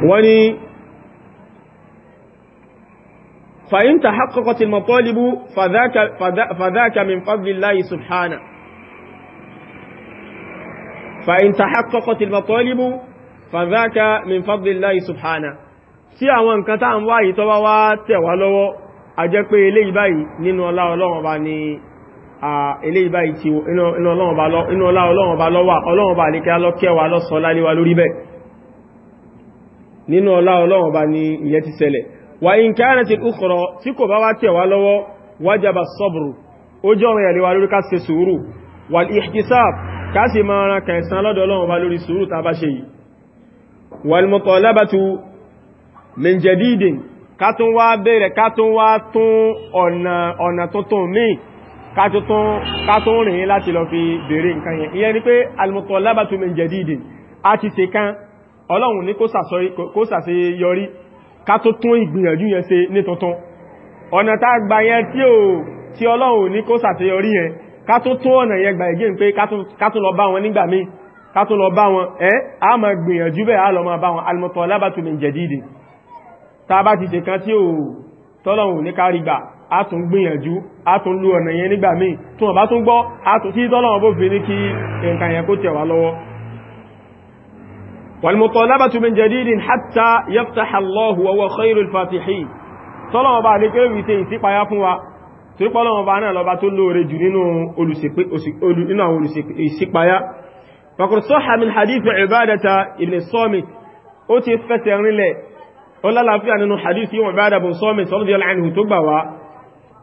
wọ́n ni fa'in ta haƙaƙa tilmatolibu fàzáka min fadlillahi subhana fa'in ta haƙaƙa tilmatolibu fàzáka min fadlillahi subhana tí àwọn nǹkan tá ń wáyìí tó wá tẹ̀wà lọ́wọ́ a pé eléyìí báyìí nínú ọlá Ọlọ́run bá ni eléyìí báyìí tí inú ọlá ọlọ́wọ̀nba lọ́wà ọlọ́wọ̀nba àlékẹ́ lọ́kẹ́wà lọ́sọ láléwà lórí bẹ́ nínú ọlá ọlọ́wọ̀nba ni ìyẹ́ ti ṣẹlẹ̀ wà in káàrẹ̀ ti kúkọrọ tí kò bá wá tẹ̀wà lọ́wọ́ wájaba sọ́bùrù ó jọ rẹ̀ àléwà lórí ká ṣe sùúrù wà ihtisab ká sì máa ra kẹsàn lọ́dọ̀ ọlọ́wọ̀nba lórí sùúrù ta bá ṣe ká tó rìn láti lọ fi bèèrè nǹkan yẹn ìyẹn ni pé al-mutalabatu min jadidin a ti ṣe kan ọlọ́run ní kó sàṣe yọrí ká tó tún ìgbìyànjú yẹn ṣe ní tuntun ọ̀nà tá gba yẹn tí ọlọ́run ní kó sàṣe yọrí yẹn ká tó tún ọ̀nà yẹn gbà ìgé pé ká tó lọ bá wọn nígbà míì ká tó lọ bá wọn ẹ́ a máa gbìyànjú bẹ́ẹ̀ á lọ máa bá wọn al-mutalabatu min tá a bá ti ṣe kan tí ò tọ́lọ́run ní ká rí gbà a tún gbìyànjú a tún lo ọ̀nà yẹn nígbà míì tí wọ́n tún gbọ́ a tún tí tọ́lọ́wọ́n bó fi ní kí nǹkan yẹn kó tẹ̀ wá lọ́wọ́ والمطالبة من جديد حتى يفتح الله وهو الفاتحين tọ́lọ́wọ́n bá ní kéré wíte ìsípayá fún wa tí ó pọ́lọ́wọ́n bá náà lọ́ba tó lóore jù من حديث عبادة ابن الصامت ó ti fẹ́sẹ̀ rinlẹ̀ ó lálàáfíà nínú hadith yíò Ubadah ibn Samit radiyallahu anhu tó gbà wá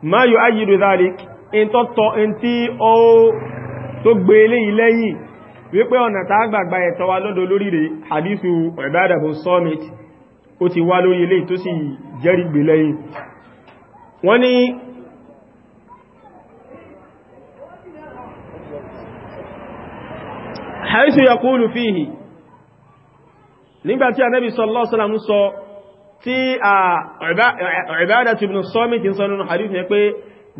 ma yu'ayyidu dhalik in tó tọ́ in tí ó tó gbé eléyìí lẹ́yìn wípé ọ̀nà tá gbàgbà ẹ̀tọ́ wa lọ́dọ̀ lórí rẹ̀ hadithu Ubadah bin Samit ó ti wá lórí eléyìí tó sì jẹ́rìí gbé lẹ́yìn wọ́n ní haythu yaqulu fihi nígbàtí Ànábì sọ tí Ubadatu ibn Samit ti ń sọ nínú hadith yẹn pé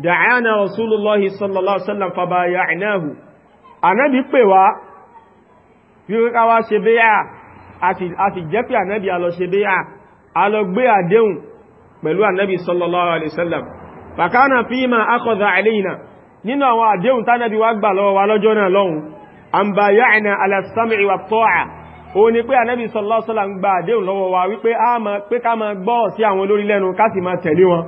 da'ana rasulullahi sallallahu alaihi wasallam fabaya'nahu anabi pè wá wípé ká wá ṣe bẹ́yà àti jẹ́ pé anabi a lọ ṣe bẹ́yà a lọ gbé àdéhùn pẹ̀lú anabi sallallahu alaihi wasallam fakana fima akhadha alayna nínú àwọn àdéhùn ó ní pé ànábì sallallahu alaihi wasallam gba àdéhùn lọ́wọ́ wa wípé a mọ̀ pé ká máa gbọ́ sí àwọn olórí lẹ́nu ká sì tẹ̀lé wọn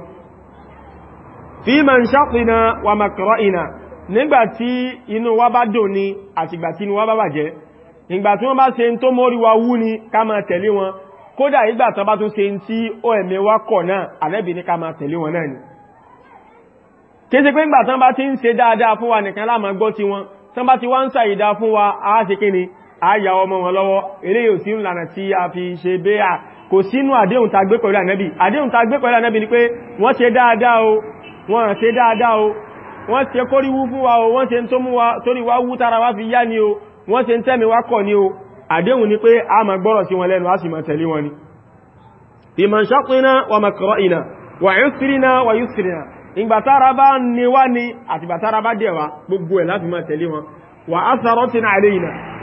fi man shaqina wa makra'ina nígbàtí inú wa bá dùn ni àtìgbàtí inú wa bá bàjẹ́ ìgbà tí wọ́n bá ṣe tó mórí wa wú ni ká máa tẹ̀lé wọn kódà ìgbà tó bá tún ṣe tí ó ẹ̀mẹ́ wa kọ̀ náà ànábì ní ká máa tẹ̀lé wọn náà ni kése pé ìgbà bá ti ń ṣe dáadáa fún wa nìkan la máa gbọ́ ti wọn tán bá ti wá ń ṣàìdá fún wa a ṣe kí àyà ọmọ wọn lọ́wọ́ eléyìí ò sí ń lànà tí a fi ṣe béà kò sínú àdéhùn ta gbé pẹ̀lú ànẹ́bì àdéhùn ta gbé pẹ̀lú ànẹ́bì ni pé wọ́n ṣe dáadáa o wọ́n ṣe dáadáa o wọ́n ṣe kóríwú fún wa o wọ́n ṣe tó mú wa torí wá wú tara wá wa makra'ina alayna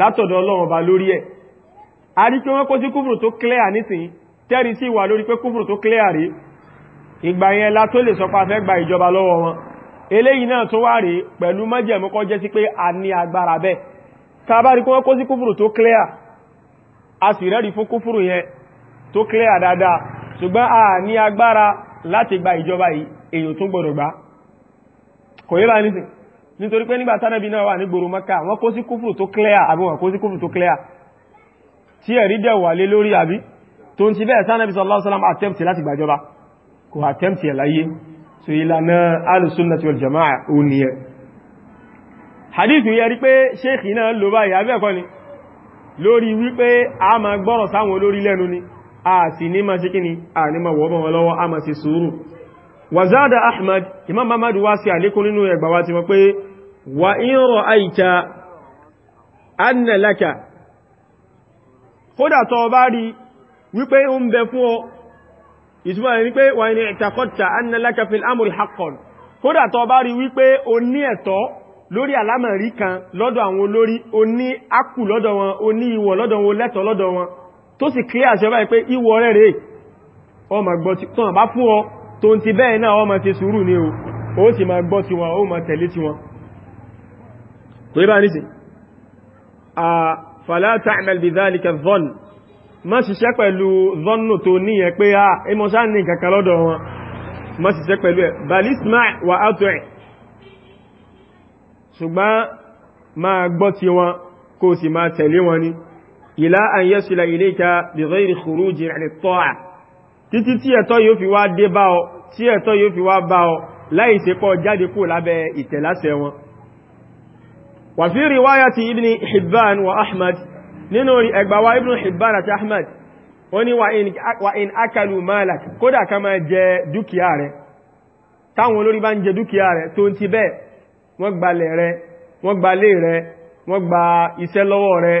látọ̀dọ̀ ọlọ́run ọba lórí ẹ̀ a rí pé wọ́n kó sí kúfùrù tó clear nísìn tẹ́rì sí wà lórí pé kúfùrù tó clear rí ìgbà yẹn la tó lè sọ pa fẹ́ gba ìjọba lọ́wọ́ wọn eléyìí náà tó wà rí pẹ̀lú májẹ̀mú kó jẹ́ sí pé a ní agbára bẹ́ẹ̀ tá bá rí pé wọ́n kó sí kúfùrù tó clear a sì rẹ́rìí fún kúfùrù yẹn tó clear dáadáa ṣùgbọ́n a ní agbára láti gba ìjọba yìí èyí tó gbọdọ̀ gbà kò yé bá nítorí pé nígbà tánàbí náà wà ní gbòrò maka wọ́n kó sí kúfùrù tó clear àbí wọ́n kó sí kúfùrù tó clear tí ẹ̀rí dẹ̀ wà lé lórí àbí tó ń ti bẹ́ẹ̀ tánàbí sallallahu jama'a ò ní ẹ̀ hadith yẹ rí pé ṣéèkì náà ló báyìí àbí ẹ̀kọ́ ni a ma gbọ́rọ̀ a sì ní ma ṣe kíni wàzádà ahmad imam ahmad wá sí àlékún nínú ẹgbà wá ti wọ́n pé wà in ra'aita anna laka kódà tọ́ bá rí wípé ń bẹ fún ọ ìtumọ̀ rẹ̀ wípé wà in i'taqadta anna laka fil amri haqqan kódà tọ́ bá rí wípé o ní ẹ̀tọ́ lórí àlámọ̀rí kan lọ́dọ̀ àwọn olórí o ní akù lọ́dọ̀ wọn o ní ìwọ̀ lọ́dọ̀ wọn lẹ́tọ̀ lọ́dọ̀ wọn tó sì clear àṣẹ báyìí pé ìwọ̀ rẹ̀ rẹ̀ ọmọ gbọ́ tí tọ́nà bá fún ọ tó ń ti bẹ́ẹ̀ náà wọ́n ma ti sùúrù ní o ó sì ma gbọ́ ti wọn ó ma tẹ̀lé ti wọn tó yí bá ní sí a fala ta'mal bi dhalika zọ́n ma ṣiṣẹ́ pẹ̀lú zọ́nù tó níyẹn pé a imọ́sá ní kankan lọ́dọ̀ wọn ma ṣiṣẹ́ pẹ̀lú ẹ̀ balisma wa atọ́ ẹ̀ ṣùgbọ́n ma gbọ́ ti wọn kó sì ma tẹ̀lé wọn ni ila an yasila ilayka bi ghayri khuruji 'an at-ta'a títí tí ẹ̀tọ́ yóò fi wá dé bá ọ tí ẹ̀tọ́ yóò fi wá bá ọ láì ṣe pọ̀ jáde kúrò lábẹ́ ìtẹ̀láṣẹ wọn wà fi riwáyà ti ibn hibban wa ahmad nínú ẹgbàwá ibn hibban àti ahmad wọ́n ni wà in akalu malak kódà ká máa jẹ dúkìá rẹ̀ táwọn olórí bá ń jẹ dúkìá rẹ̀ tó ń ti bẹ́ẹ̀ wọ́n gbalẹ̀ rẹ̀ wọ́n gbalé rẹ̀ wọ́n gba iṣẹ́ lọ́wọ́ rẹ̀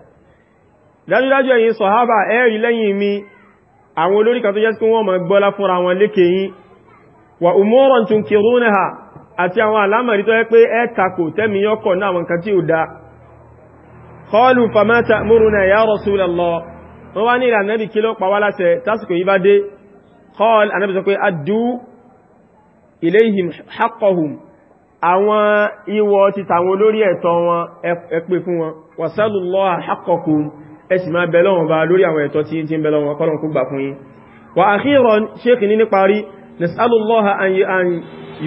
dájúdájú ẹ̀yin sọ̀hábà ẹ̀rí lẹ́yìn mi àwọn olórí kan tó jẹ́ sí wọ́n máa gbọ́lá fúnra wọn lékè yín wà umuran tunkirunaha àti àwọn alámàrí tó yẹ pé ẹ takò tẹ́miyọ́kọ̀ náà wọn kan tí ò dá qalu fama ta'muruna ya rasulallah wọ́n wá ní ìrìn ànábì kí ló àwọn ìwọ̀ ti tàwọn olórí ẹ̀tọ́ wọn ẹ fún wọn wasalullah haqqakum ẹ sì máa bẹ Ọlọ́run bá lórí àwọn ẹ̀tọ́ tí tí ń bẹ Ọlọ́run kọ́lọ̀ kú gbà fún yín wa akhiran sheikh ní níparí nas'alullaha an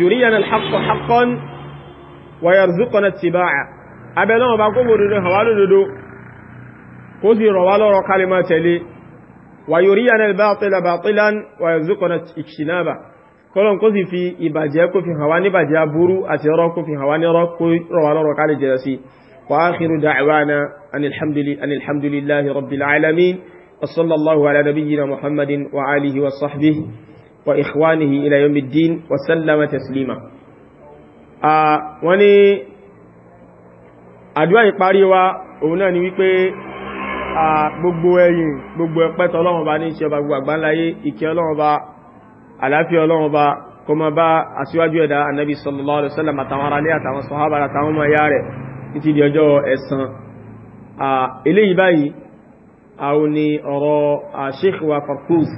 yuriyana alhaqqa haqqan wa yarzuqana ittiba'a abẹ́ Ọlọ́run bá kóbò dodo hàn wá lódodo kó sì rọ̀ wá lọ́rọ̀ kalima tẹ̀lé wa yuriyana albatila batilan wa yarzuqana ijtinaba kọ́lọ̀n kó sì fi ìbàjẹ́ kó fi hàn ní bàjẹ́ burú àti rọ́ kó fi hàn ní rọ́ kó rọ̀ lọ́rọ̀ kalẹ̀ jẹ́ sí wa akhiru da'wana أن الحمد, أن الحمد لله رب العالمين وصلى الله على نبينا محمد وآله وصحبه وإخوانه إلى يوم الدين وسلم تسليما wani àdúwà ìparí wa òun náà ni wípé gbogbo ẹ̀yìn gbogbo ẹ̀pẹ́ tọ́lọ́run bá ní ṣe ọba gbogbo àgbánláyé ìkẹ́ Ọlọ́run bá àlàáfíà Ọlọ́run bá kó má bá aṣíwájú ẹ̀dá annabi sallallahu alaihi àtàwọn aráalé àtàwọn sọ̀hábà eléyìí báyìí àwọn ni ọ̀rọ̀ Sheikh wa Farkus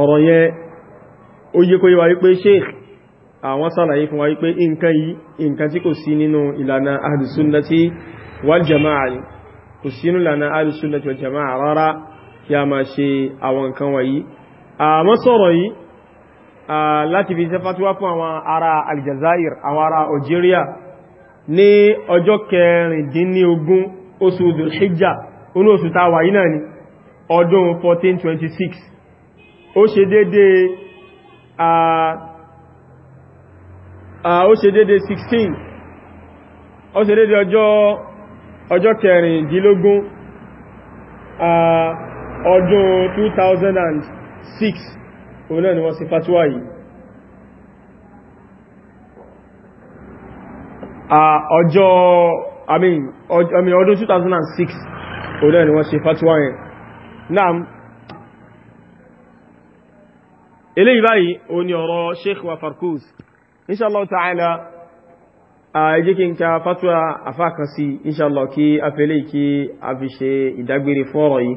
ọ̀rọ̀ yẹn ó yé kó yé wa wípé Sheikh àwọn sàlàyé fún wa wípé nǹkan yìí nǹkan tí kò sí nínú ìlànà ahlùsúnnàtí wal jama'a ni kò sí nínú ìlànà ahlùsúnnàtí wal jama'a rárá kí a máa ṣe àwọn nǹkan wọ̀nyí àwọn sọ̀rọ̀ yìí láti fi ṣe fún àwọn ará Algeria ní ọjọ́ kẹrìndínlógún oṣù Dhul-Hijjah onú oṣù tá wà yìí ọdún 1426 ó ṣe dédé ó ṣe dédé 16 ó ṣe dédé ọjọ́ kẹrìndínlógún ọdún 2006 òun náà ni wọ́n ṣe fatuwa yìí ọjọ́ I mean ọdún 2006 olóẹ̀ ni wọ́n ṣe fatuwa yẹn náà eléyìí báyìí o ni ọ̀rọ̀ Sheikh wa Farkuz inshallah ta'ala a jẹ́ kí n ka fatuwa afákan sí inshallah kí a fẹ́lẹ̀ kí a fi ṣe ìdágbére fọ́rọ̀ yìí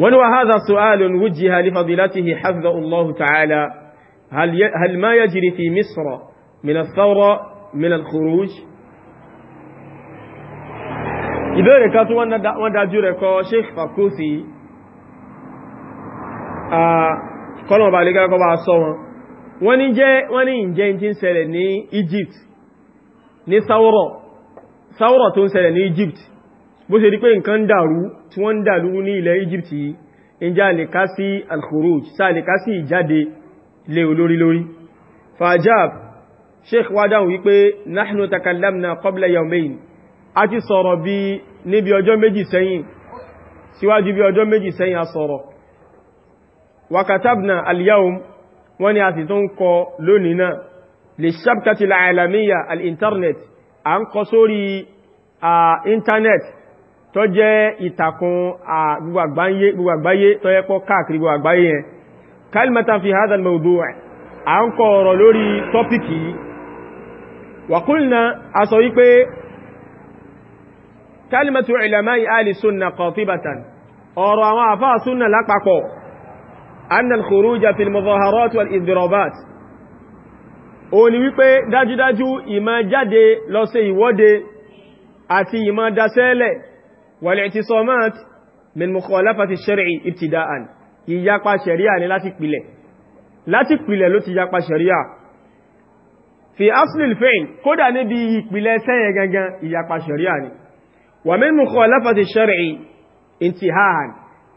wọ́n ni wa hadha su'alun wujjiha li fadilatihi hafidhahullahu ta'ala hal ma yajri fi misra من ath من الخروج إذا khuruj ìbéèrè kan tí wọ́n dájú rẹ̀ kọ Sheikh Fakusi kọ́nà bá lè kọ́kọ́ bá sọ wọn wọ́n ní jẹ́ wọ́n ní ìjẹ́ tí ń ṣẹlẹ̀ ní Egypt ní sáwọ́rọ̀ sáwọ́rọ̀ tó ń ṣẹlẹ̀ ní Egypt bó ṣe rí pé nǹkan dàrú tí wọ́n ń dàrú ní ilẹ̀ Egypt yìí ìjá lè ká sí sáà lè ìjáde lé olórí lórí fajab sheikh wadan wípé nahnu takallamna qabla yawmayn a ti sọ̀rọ̀ bí níbi ọjọ́ méjì sẹ́yìn síwájú bí ọjọ́ méjì sẹ́yìn a sọ̀rọ̀ wa katabna al-yawm wọ́n ni a sì tún kọ lónìí náà lè ṣabkati al'alamiya al'internet a ń kọ sórí a internet tó jẹ́ ìtàkùn a gbogbo àgbáyé tó yẹ kó káàkiri gbogbo àgbáyé yẹn kalmatan fi hadha al-mawdu' à ń kọ ọ̀rọ̀ lórí وقلنا أصيبي كلمة علماء آل السنة قاطبة أروا فا سنة لقاقو أن الخروج في المظاهرات والإضرابات ó ní wípé dájúdájú ìmá jáde lọ sí ìwọ́de àti ìmá dasẹ́lẹ̀ wal-i'tisamat min mukhalafati ash-shar'i ibtida'an ìyapa ṣẹ̀ríà ni ti yapa fi aslil fain kódà níbi ìpìlẹ̀ sẹ́yẹ gangan ìyapa ṣẹ̀ríà ni wà min mukhalafati shar'i intihahan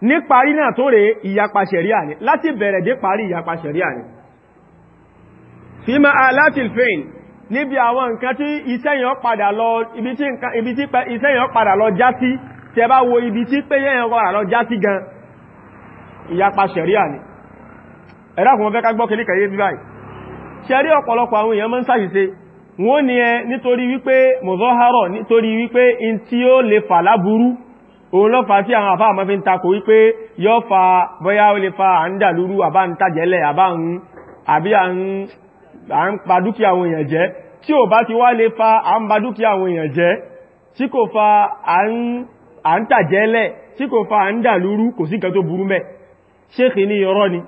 ní parí náà tó rẹ̀ ìyapa ṣẹ̀ríà ni láti bẹ̀rẹ̀ dé parí ìyapa ṣẹ̀ríà ni fi ma alatil fain níbi àwọn nǹkan tí iṣẹ́yàn padà lọ ibi tí iṣẹ́yàn padà lọ já sí tẹ bá wo ibi tí péyẹ́yàn padà ṣẹ́rí ọ̀pọ̀lọpọ̀ àwọn èèyàn máa ń ṣàṣìṣe wọ́n ní ẹ nítorí wípé mọ̀zọ́hárọ̀ nítorí wípé in tí ó lè fà láburú òun lọ́fà tí àwọn àfáà máa fi ń takò wípé yọ́ fa bọ́yá ó lè fa à ń dàlúrú àbá ń tàjẹ́lẹ̀ àbá ń àbí à ń pa dúkìá ni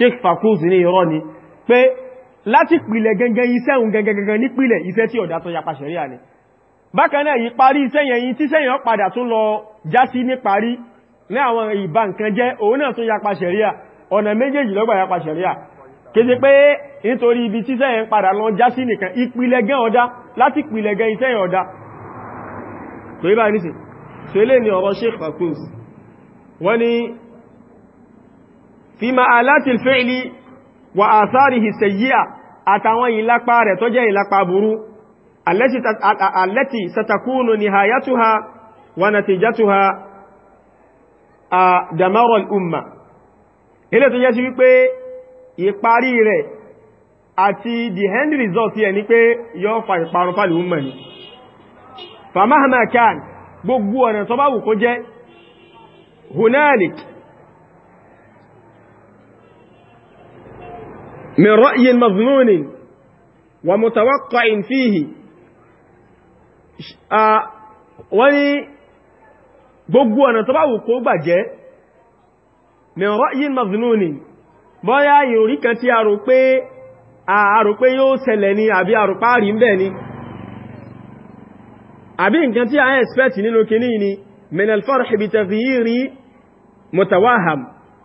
ṣéèkì fàkúùsì ni pé láti pìlẹ̀ gẹngẹn iṣẹ́ òun gẹngẹngẹn ní pìlẹ̀ iṣẹ́ tí ọ̀dá tó yapa ṣẹ̀ríà ni bákanáà yìí parí iṣẹ́ yẹn yìí tí sẹ́yìn padà tún lọ já sí ní parí ní àwọn ìbá nǹkan jẹ́ òun náà tún yapa ṣẹ̀ríà ọ̀nà méjèèjì lọ́gbà yapa ṣẹ̀ríà kéde pé nítorí ibi tí sẹ́yìn padà lọ já sí nìkan ìpìlẹ̀ gẹ́ wà àsáàrìhì sẹ̀yíà àtàwọn ìlápa rẹ̀ tó jẹ́ ìlápa burú alẹ́tì satakúnù ni hayatuha wà natijatuha a damarol umma ilé tó jẹ́ sí wípé ìparí rẹ̀ àti the end result yẹ ni pé yóò fa ìparun fàlì umma ni famahama kan gbogbo ọ̀nà tó bá wù kó jẹ́ hunalik من رأي مظنون ومتوقع فيه وني ní gbogbo ọ̀nà tó bá wù kó gbàjẹ́ min ra'yin maznuni bọ́yá ìròrí kan tí a rò pé a rò pé yóò ṣẹlẹ̀ ní àbí àrùpá rí ń bẹ̀ ni àbí nǹkan tí a expect nínú kìíní ni min al-farh bi taghyiri mutawahham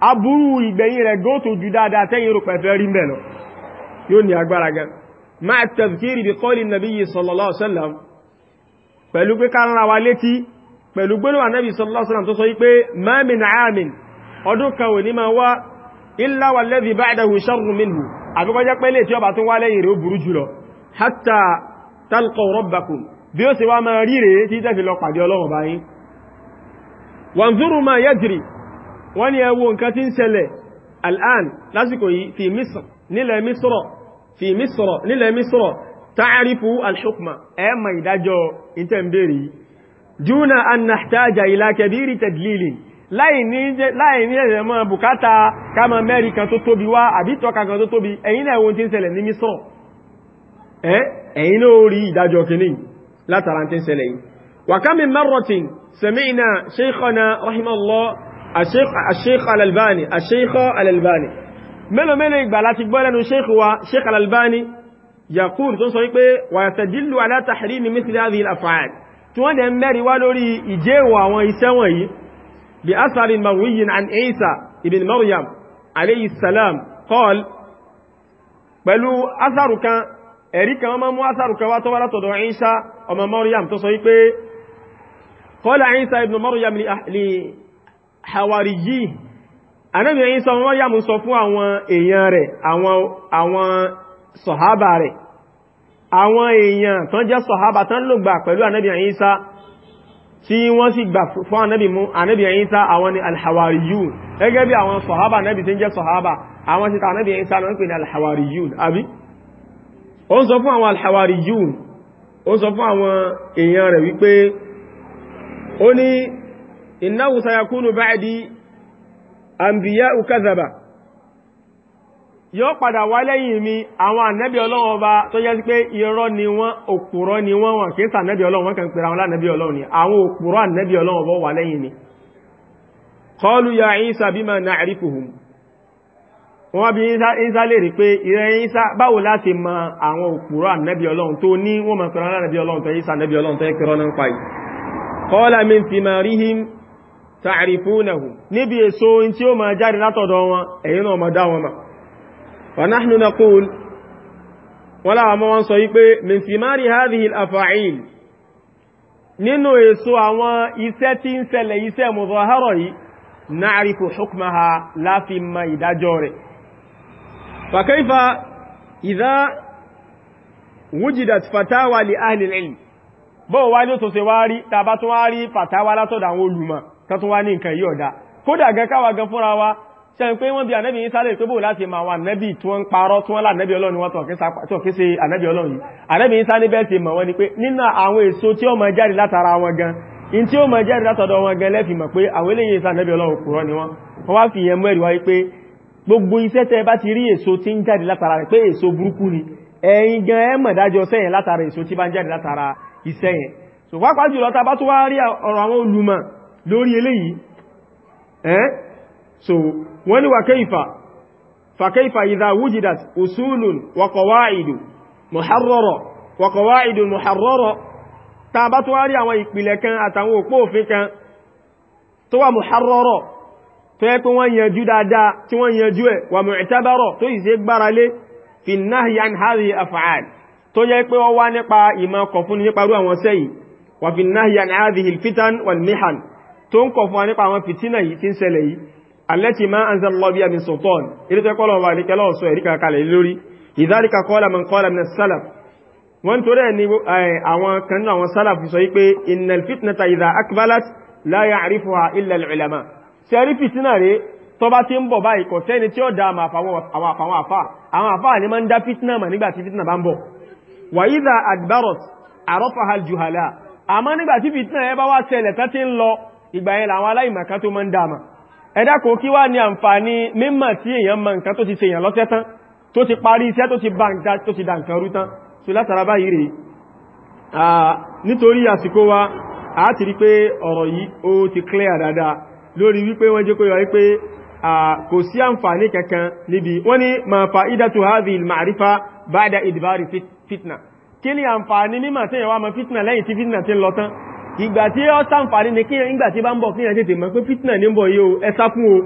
aburú ìgbẹ̀yìn rẹ̀ gó tó ju dáadáa tẹ́yìn rò pẹ̀fẹ́ rí mẹ́lọ yóò ní agbára gan ma tafkiri bí kọ́lì nàbí yìí sallallahu alaihi wasallam pẹ̀lú pé kára wa létí pẹ̀lú gbónú ànábì sallallahu alaihi wasallam tó sọ wípé ma min amin ọdún kan ò ní ma wá illa walladhi ba'dahu sharrun minhu àbíkọjẹ́ pé lè tí ọba tó wá lẹ́yìn wọ́n ní ẹ wo nǹkan tí ń ṣẹlẹ̀ al'an lásìkò yìí fi misr nílẹ̀ misr fi misr nílẹ̀ misr ta'arifu al-hukma ẹ ma ìdájọ́ ìtẹ̀mbèrè duna an nahtaja ila kabiri tadlilin láì ní ẹ̀rẹ̀ mọ́ bùkátà kama mẹ́rin kan tó tóbi wá àbí tọ́ka kan tó tóbi ẹ̀yin náà wo tí ń ṣẹlẹ̀ ní misr ẹ̀yin náà rí Sheikh Al-Albani Sheikh Al-Albani mélòó mélòó ìgbà láti gbọ́ lẹ́nu Sheikh wa Sheikh Al-Albani yakul tó sọ wípé wa yastadillu ala tahrimi mithli hadhihi al-af'al tí wọ́n dẹ̀ ń mẹ́rin wá lórí ìjẹ́wọ̀ àwọn iṣẹ́ wọ̀nyí bí asarin marwiyin an Isa ibn Maryam alayhi salam qal pẹ̀lú asaru kan ẹ̀rí kan máa mú asaru kan wá tó wá látọ̀dọ̀ Isa ọmọ Maryam tó sọ wípé qala Isa ibn Maryam li hawariyi anábi ẹ̀yìn sọ wọ́n yàmù sọ fún àwọn èèyàn rẹ̀ àwọn sọ̀hábà rẹ̀ àwọn èèyàn tán jẹ́ sọ̀hábà tán ló gbà pẹ̀lú anábi ẹ̀yìn sá tí wọ́n sì gbà fún anábi ẹ̀yìn sá àwọn ni alhawariyu gẹ́gẹ́ bí àwọn sọ̀hábà anábi tí ń jẹ́ sọ̀hábà àwọn sí ta anábi ẹ̀yìn sá lọ́n pè ní alhawariyu àbí ó ń sọ fún àwọn al ó ń sọ fún àwọn èèyàn rẹ̀ wípé ó ní إنه سيكون بعدي أنبياء كذبة yóò padà wá lẹ́yìn mi àwọn ànẹ́bí ọlọ́run ọba tó jẹ́ pé irọ́ ni wọ́n òpùrọ́ ni wọ́n wọ́n kìí sànẹ́bí ọlọ́run wọ́n kàn pèrè àwọn ànẹ́bí ọlọ́run ni àwọn òpùrọ́ ànẹ́bí ọlọ́run ọba wà lẹ́yìn mi qalu ya Isa bima na'rifuhum wọ́n bí Isa lè rí pé ìrẹ́ Isa báwo láti mọ àwọn òpùrọ́ ànẹ́bí ọlọ́run tó ní wọ́n ta'rifunahu níbi èso tí ó máa jáde látọ̀dọ̀ wọn ẹ̀yin náà máa dá wọn mà wa nahnu naqul wọ́n láwọn ọmọ wọn sọ wípé min thimari hadhihi al-afa'il nínú èso àwọn iṣẹ́ tí ń ṣẹlẹ̀ iṣẹ́ mudhahara yìí na'rifu hukmaha la fi mọ ìdájọ́ rẹ̀ fa kayfa idha wujidat fatawa li ahli al-ilm bó wá ní ó tó ṣe wá rí tàbá tún wá rí fatawa látọ̀dọ̀ àwọn olùmọ̀ kan tún wá ní nǹkan yíò dá kódà gan káwa gan fúnra wa ṣe ń pé wọ́n bí ànẹ́bì yín sálẹ̀ pé bó láti máa wà ànẹ́bì tí ń parọ́ tí wọ́n lànẹ́bì ọlọ́run ni wọ́n tọ̀ kí ṣe ànẹ́bì ọlọ́run yìí ànẹ́bì yín sálẹ̀ bẹ́ẹ̀ ti mọ̀ wọ́n ni pé nínú àwọn èso tí ó mọ jáde látara wọn gan in tí ó mọ jáde látọ̀dọ̀ wọn gan lẹ́fì mọ̀ pé àwọn eléyìí sànẹ́bì ọlọ́run kùrọ́ ni wọ́n wọ́n wá fi yẹn mú ẹ̀rí wáyé pé gbogbo so wápá jùlọ ta bá tó wá lórí eléyìí eh so wọ́n ní wa kaifa fa kaifa idha wujidat usulun wa qawa'idu muharrara wa qawa'idu muharrara tá bá tó wá rí àwọn ìpìlẹ̀ kan àtàwọn òpó òfin kan tó wà muharrara tó yẹ pé wọ́n yanjú dáadáa tí wọ́n yanjú ẹ̀ wà mu'tabara tó yìí ṣe gbára lé fi tó ń kọ̀ fún wa nípa àwọn fìtínà yìí tí ń ṣẹlẹ̀ yìí alẹ́tì máa ń zan lọ́bí àmì sultan ilé tó kọ́lọ̀ wà níkẹ́ lọ́wọ́ sọ ẹ̀rí kàkalẹ̀ lórí ìdáríkà kọ́lá mọ̀ kọ́lá mọ̀ sálàf wọ́n tó rẹ̀ ní àwọn kan náà wọn sálàf sọ wípé innal fitnata idha akbalat la ya'rifuha illa al-ulama ṣe rí fìtínà rẹ̀ tó bá ti ń bọ̀ báyìí kò sẹ́ni tí ó dá àmà wá ṣẹlẹ̀ tán ń lọ ìgbà yẹn làwọn aláìmọ̀kan tó máa ń dáàmà ẹ̀dàkò kí wá ní àǹfààní mímọ̀ tí èèyàn mọ̀ nǹkan tó ti ṣe èèyàn lọ́tẹ́ tán tó ti parí iṣẹ́ tó ti bá tó ti dà rú tán so látara báyìí rèé nítorí àsìkò wa a ti rí pé ọ̀rọ̀ yìí ó ti clear dáadáa lórí wípé wọ́n jẹ́ kó yọ wípé kò sí àǹfààní kankan níbi wọ́n ní ma fa'idatu hadhihi al-ma'rifa ba'da idbari fitna kí ni àǹfààní mímọ̀ tí èèyàn wá mọ̀ fitna lẹ́yìn tí fitna ti lọ tán ìgbà tí ó sàǹfàní ní kíyàn ìgbà tí bá ń bọ̀ kíyàn tètè mọ̀ pé fitna ní bọ̀ yóò ẹ o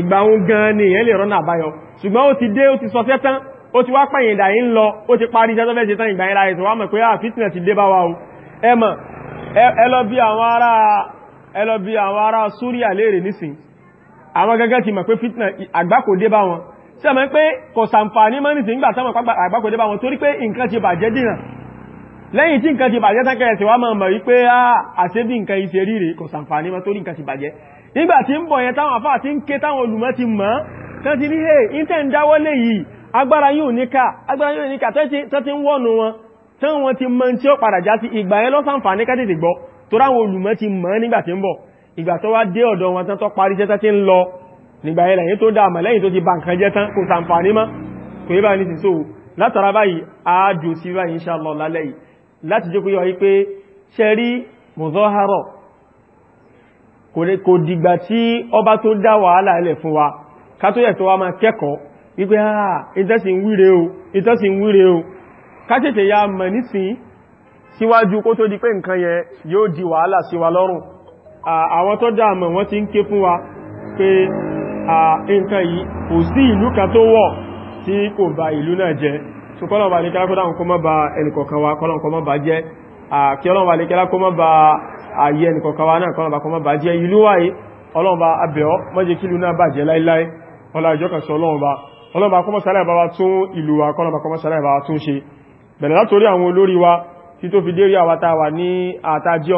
ìgbà ohun gan ni èyàn lè rọ́nà àbáyọ ṣùgbọ́n ó ti dé ó ti sọ fẹ́ tán ó ti wá pẹ̀yìn ìdà yìí ń lọ ó ti parí iṣẹ́ tó fẹ́ ṣe tán ìgbà ìlà ìtọ́wà mọ̀ pé à ah, fitna ti dé bá wa o ẹ mọ̀ ẹ lọ bí àwọn ará ẹ lọ bí àwọn ará Súríà léèrè nísìn àwọn gẹ́gẹ́ ti mọ̀ pé fitna lẹ́yìn tí nǹkan ti bàjẹ́ tánkẹrẹ sí wá mọ̀ mọ̀ wípé àṣébí nǹkan iṣẹ́ ríre kò sàǹfààní mọ́ torí nǹkan ti bàjẹ́ nígbà tí ń bọ̀ yẹn táwọn àfáà ti ń ké táwọn olùmọ̀ ti mọ̀ tán ti rí hey intan dáwọ́lé yìí agbára yóò níkà agbára yóò níkà tán ti ń wọ́nu wọn tán wọn ti mọ̀ tí ó padà já sí ìgbà yẹn lọ́sàǹfààní ká tètè gbọ́ torí àwọn olùmọ̀ ti mọ̀ nígbà tí ń bọ̀ báyìí ní ti sí báyìí inshallah lálẹ́ láti jẹ́ kó yọ wípé ṣe rí mùzọ́hárọ̀ kò dìgbà tí ọba tó dá wàhálà ilẹ̀ fún wa ká tó yẹ̀ tó wá máa kẹ́kọ̀ọ́ wípé àà ah, ìtẹ́sì ń wíre o ìtẹ́sì ń wíre o ká tètè ya mọ̀ nísìn síwájú kó tó di pé nǹkan yẹn yóò di wàhálà sí wa lọ́rùn àwọn tó dá mọ̀ wọ́n ti ń ké fún wa pé nǹkan yìí kò sí ìlú kan tó wọ̀ tí kò bà ìlú náà jẹ́ so kọ́lọ̀ wà lékẹ́lá kó dáhùn kó mọ́ ba ẹnìkọ̀ọ̀kan wa kọ́lọ̀ kó mọ́ ba jẹ́ kí ọlọ́run wà lékẹ́lá kó ba ayé ẹnìkọ̀ọ̀kan wa náà kọ́lọ̀ kó mọ́ ba jẹ́ ìlú wáyé ọlọ́run bá abẹ́ọ́ mọ́jẹ́ kílù náà bàjẹ́ láíláí ọlá ìjọ ba sọ ọlọ́run bá ọlọ́run bá ba sálẹ̀ bá wa tún ìlú wa kọ́lọ́run bá kọ́mọ́ sálẹ̀ bá wa tún ṣe bẹ̀rẹ̀ látorí àwọn olórí wa tí tó fi dérí àwa táwà ní àtàjí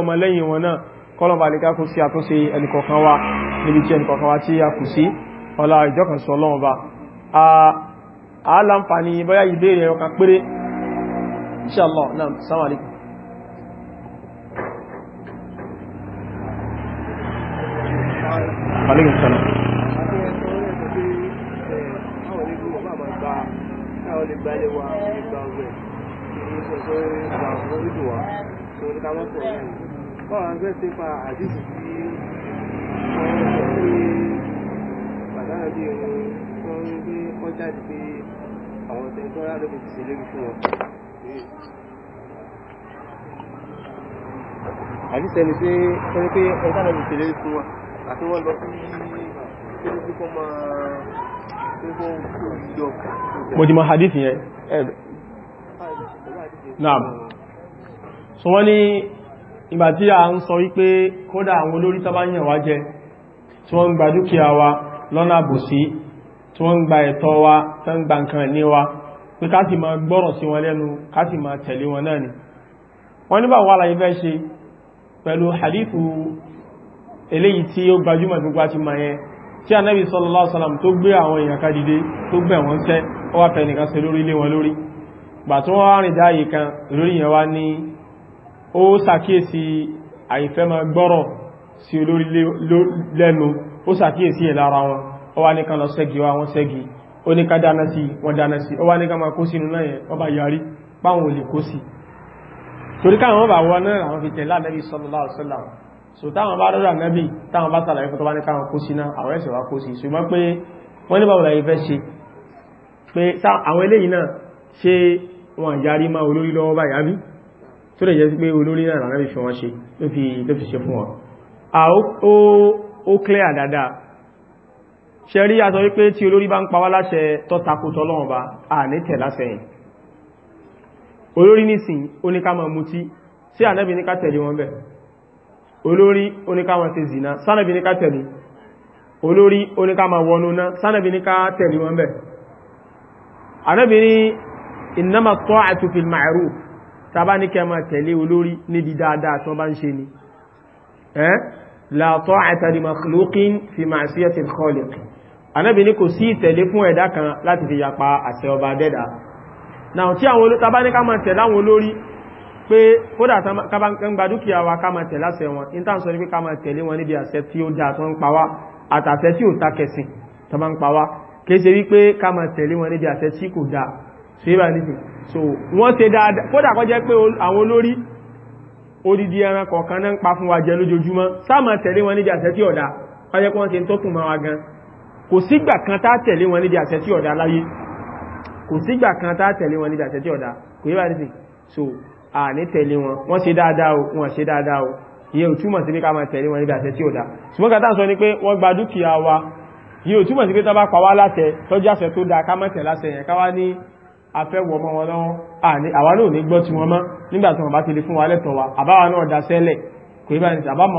ọmọ aláǹfààní bọ́yá ìbéèrè ẹ̀rọ kan péré inshallah náà assalamu alaikum salam ń gbé sí pa àdíjì tí wọ́n ń sọ pé bàtánà bí wọ́n rí pé wọ́n jáde pé àwọn tẹ̀ tó rárá lóbi ti ṣe lérí fún wọn. àbí sẹ́ni pé wọ́n rí pé ẹ̀dá lóbi ti ṣe lérí fún wọn àti wọ́n naam so wọ́n ìgbà tí a ń sọ wípé kódà àwọn olórí wá jẹ tí wọ́n ń dúkìá wa lọ́nà àbòsí tí wọ́n ń gba ẹ̀tọ́ wa tí wọ́n ń gba nǹkan ní wa pé ká sì máa gbọ́rọ̀ sí wọn lẹ́nu ká sì máa tẹ̀lé wọn náà ni wọ́n níbà wà láyé fẹ́ ṣe pẹ̀lú hadithu eléyìí tí ó gbajúmọ̀ gbogbo àti ma sallallahu alaihi wasallam tó gbé àwọn èèyàn ká dìde tó gbẹ̀ wọ́n sẹ́ ó wá fẹ́ nìkan ṣe lórí ilé wọn lórí gbà tó wọ́n rìn dáyé kan lórí yẹn wá ní ó lẹ́nu ó sàkíyèsí ẹ̀ lára wọn ó wá ní kan lọ sẹ́gi wá wọ́n sẹ́gi ó ní ká dáná sí wọ́n dáná sí ó wá ní ká máa kó sínú náà yẹn ọba yarí páwọn olè kó sí torí káwọn bá wọ́n náà àwọn fi tẹ̀lá nẹ́bí sallallahu alaihi wasallam so táwọn bá rọ́rọ̀ nẹ́bí táwọn bá sàlàyé fún tó bá ní káwọn kó sí náà àwọn ẹ̀sẹ̀ wá kó sí ṣùgbọ́n pé wọ́n ní báwo la ìfẹ́ ṣe pé àwọn eléyìí náà ṣe wọn yarí ó clear dáadáa ṣe rí aṣọ wípé tí olórí bá ń pa wá láṣẹ tó tako tọ́lọ́run bá à ní tẹ̀ láṣẹ yìí olórí nísìn oníkàmọ̀ mutí sí ànábì ní ká tẹ̀lé wọn bẹ̀ olórí oníkàmọ̀ ṣe zìnà sánàbì ní ká tẹ̀lé olórí oníkàmọ̀ wọnúná sánàbì ní ká tẹ̀lé wọn bẹ̀ ànábì ní innama ta'atu fil ma'ruf tàbá ní anábi ní kò sí ìtẹ̀lé fún ẹ̀dá kan láti fi yapa àṣẹ ọba dẹ́dà náà tí àwọn olótaba ní ká máa tẹ̀lé àwọn olórí pé kódà kábá wa ká máa tẹ̀lé àṣẹ wọn níta sọ ní pé ká máa tẹ̀lé wọn níbi àṣẹ tí ó dáa tó ń pa wá àtàṣẹ tí ò takẹ̀sìn tó bá ń pa wá kìí ṣe wípé ká máa tẹ̀lé wọn níbi àṣẹ tí kò dáa ṣe é bá ní so wọ́n ṣe dáadáa kódà kọ́ jẹ́ pé àwọn olórí odidi ẹran kọ̀ọ̀kan náà ń pa fún wa kò sígbà kan tá tẹ̀lé wọn níbi àṣẹ tí ọ̀dá láyé kò sígbà kan tá tẹ̀lé wọn níbi àṣẹ tí ọ̀dá kò yíba ní sí so a ní tẹ̀lé wọn wọ́n ṣe dáadáa o wọ́n ṣe dáadáa o iye ò túmọ̀ sí pé ká máa tẹ̀lé wọn níbi àṣẹ tí ọ̀dá ni pé wọ́n gba dúkìá wa iye ò túmọ̀ sí pé tá bá pa wá láṣẹ tọ́jú àṣẹ tó dáa ká má tẹ̀ láṣẹ yẹn ká wá ní afẹ́wọ̀ ọmọ wọn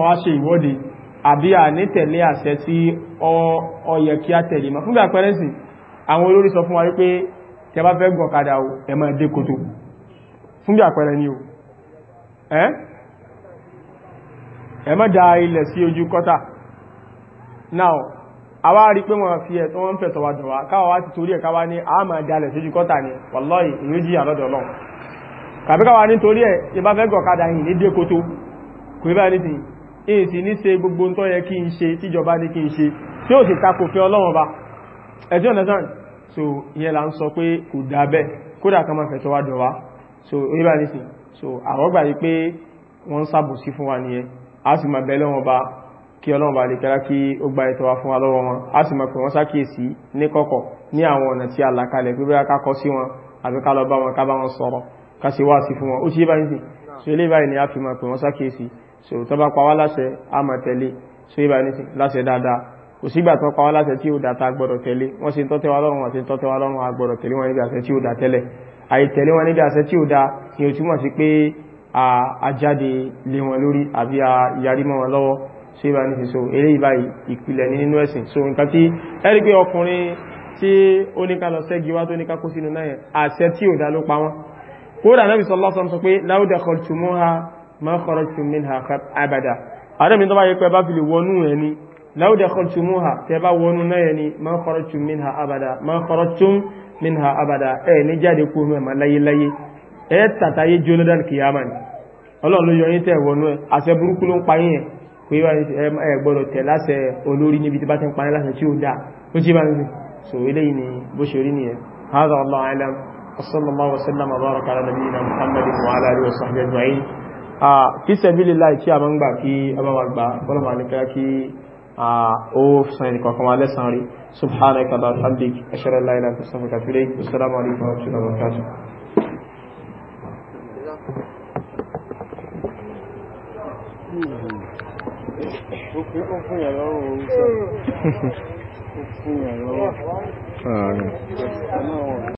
lọ́wọ́ àbí à ní tẹ̀lé àṣẹ tí ó yẹ kí á tẹ̀lé mọ́ fúnbẹ̀ àpẹẹrẹ sí àwọn olórí sọ fún wa wípé eme bá fẹ́ gùn ni o ẹ da ilẹ̀ sí ojú kọ́tà now àwa rí pé wọ́n fi ẹ̀tọ́ wọ́n fẹ̀tọ̀ wà wá ti torí ẹ̀ káwà ní a máa dalẹ̀ ni wallahi ìlú jíyà lọ́dọ̀ lọ́n kàbí ní torí ẹ̀ yìí ní dé kò èsì ní ṣe gbogbo tó yẹ kí n ṣe tíjọba ní kí n ṣe tí ó sì takò fẹ́ ọlọ́wọ́n bá ẹjọ́ understand so ìyẹn là ń sọ pé kò dá kódà kan máa fẹ̀tọ́ jọ wá so oríbà nísìn so àwọn gbà yìí pé wọ́n ń sàbòsí fún wa nìyẹn a sì máa bẹ̀ lọ́wọ́n bá kí ọlọ́wọ́n bá lè kẹ́lá kí ó gba ẹ̀tọ́ wa fún wa lọ́wọ́ wọn a pè wọ́n sákèsí ní sí so eléyìí ni a fi máa pè so tó bá pa wá láṣẹ a máa tẹ̀lé so ibà ní láṣẹ dáadáa kò sígbà tó pa wá láṣẹ tí ó dàta gbọ́dọ̀ tẹ̀lé wọ́n sì ń tọ́tẹ́ wa lọ́rùn àti tọ́tẹ́ wa lọ́rùn ni ó túmọ̀ sí pé a jáde lé wọn lórí àbí a yarí mọ́ wọn lọ́wọ́ so ibà ní so eré ibà ìpìlẹ̀ ní nínú ẹ̀sìn so nǹkan tí ẹ̀rí pé ọkùnrin tí ó ní ká lọ sẹ́gi wá tó ní ká kó sínú náà àṣẹ tí ò dá ló pa wọn kódà náà bí sọ lọ́sọ̀ sọ pé láwùdà kọlùtùmọ́ ha ma kharajtum minha abada adam ni tó bá yẹ pé bá fi lè wọnú ẹ̀ ni law dakhaltumuha tẹ́ bá wọnú náà ni ma kharajtum minha abada ma kharajtum minha abada ẹ̀ ní jáde kú mẹ́ma láyéláyé ẹ̀ tàtàyé jonathan kìyàmà ni ọlọ́run ló yọ yín tẹ́ wọnú ẹ̀ àṣẹ burúkú ló ń pa yín ẹ̀ pé هذا الله أعلم وصلى الله وسلم وبارك على نبينا محمد وعلى آله وصحبه أجمعين fi sabilillahi tí a máa ń gbà kí a máa wà gbà kọ́lọ̀mà nípa kí ó sàn ẹnì kọ̀ọ̀kan wà lẹ́sàn rí subhanaka wa bihamdik ashhadu an la ilaha illa anta astaghfiruka wa atubu ilayk assalamu alaykum wa rahmatullahi [LAUGHS]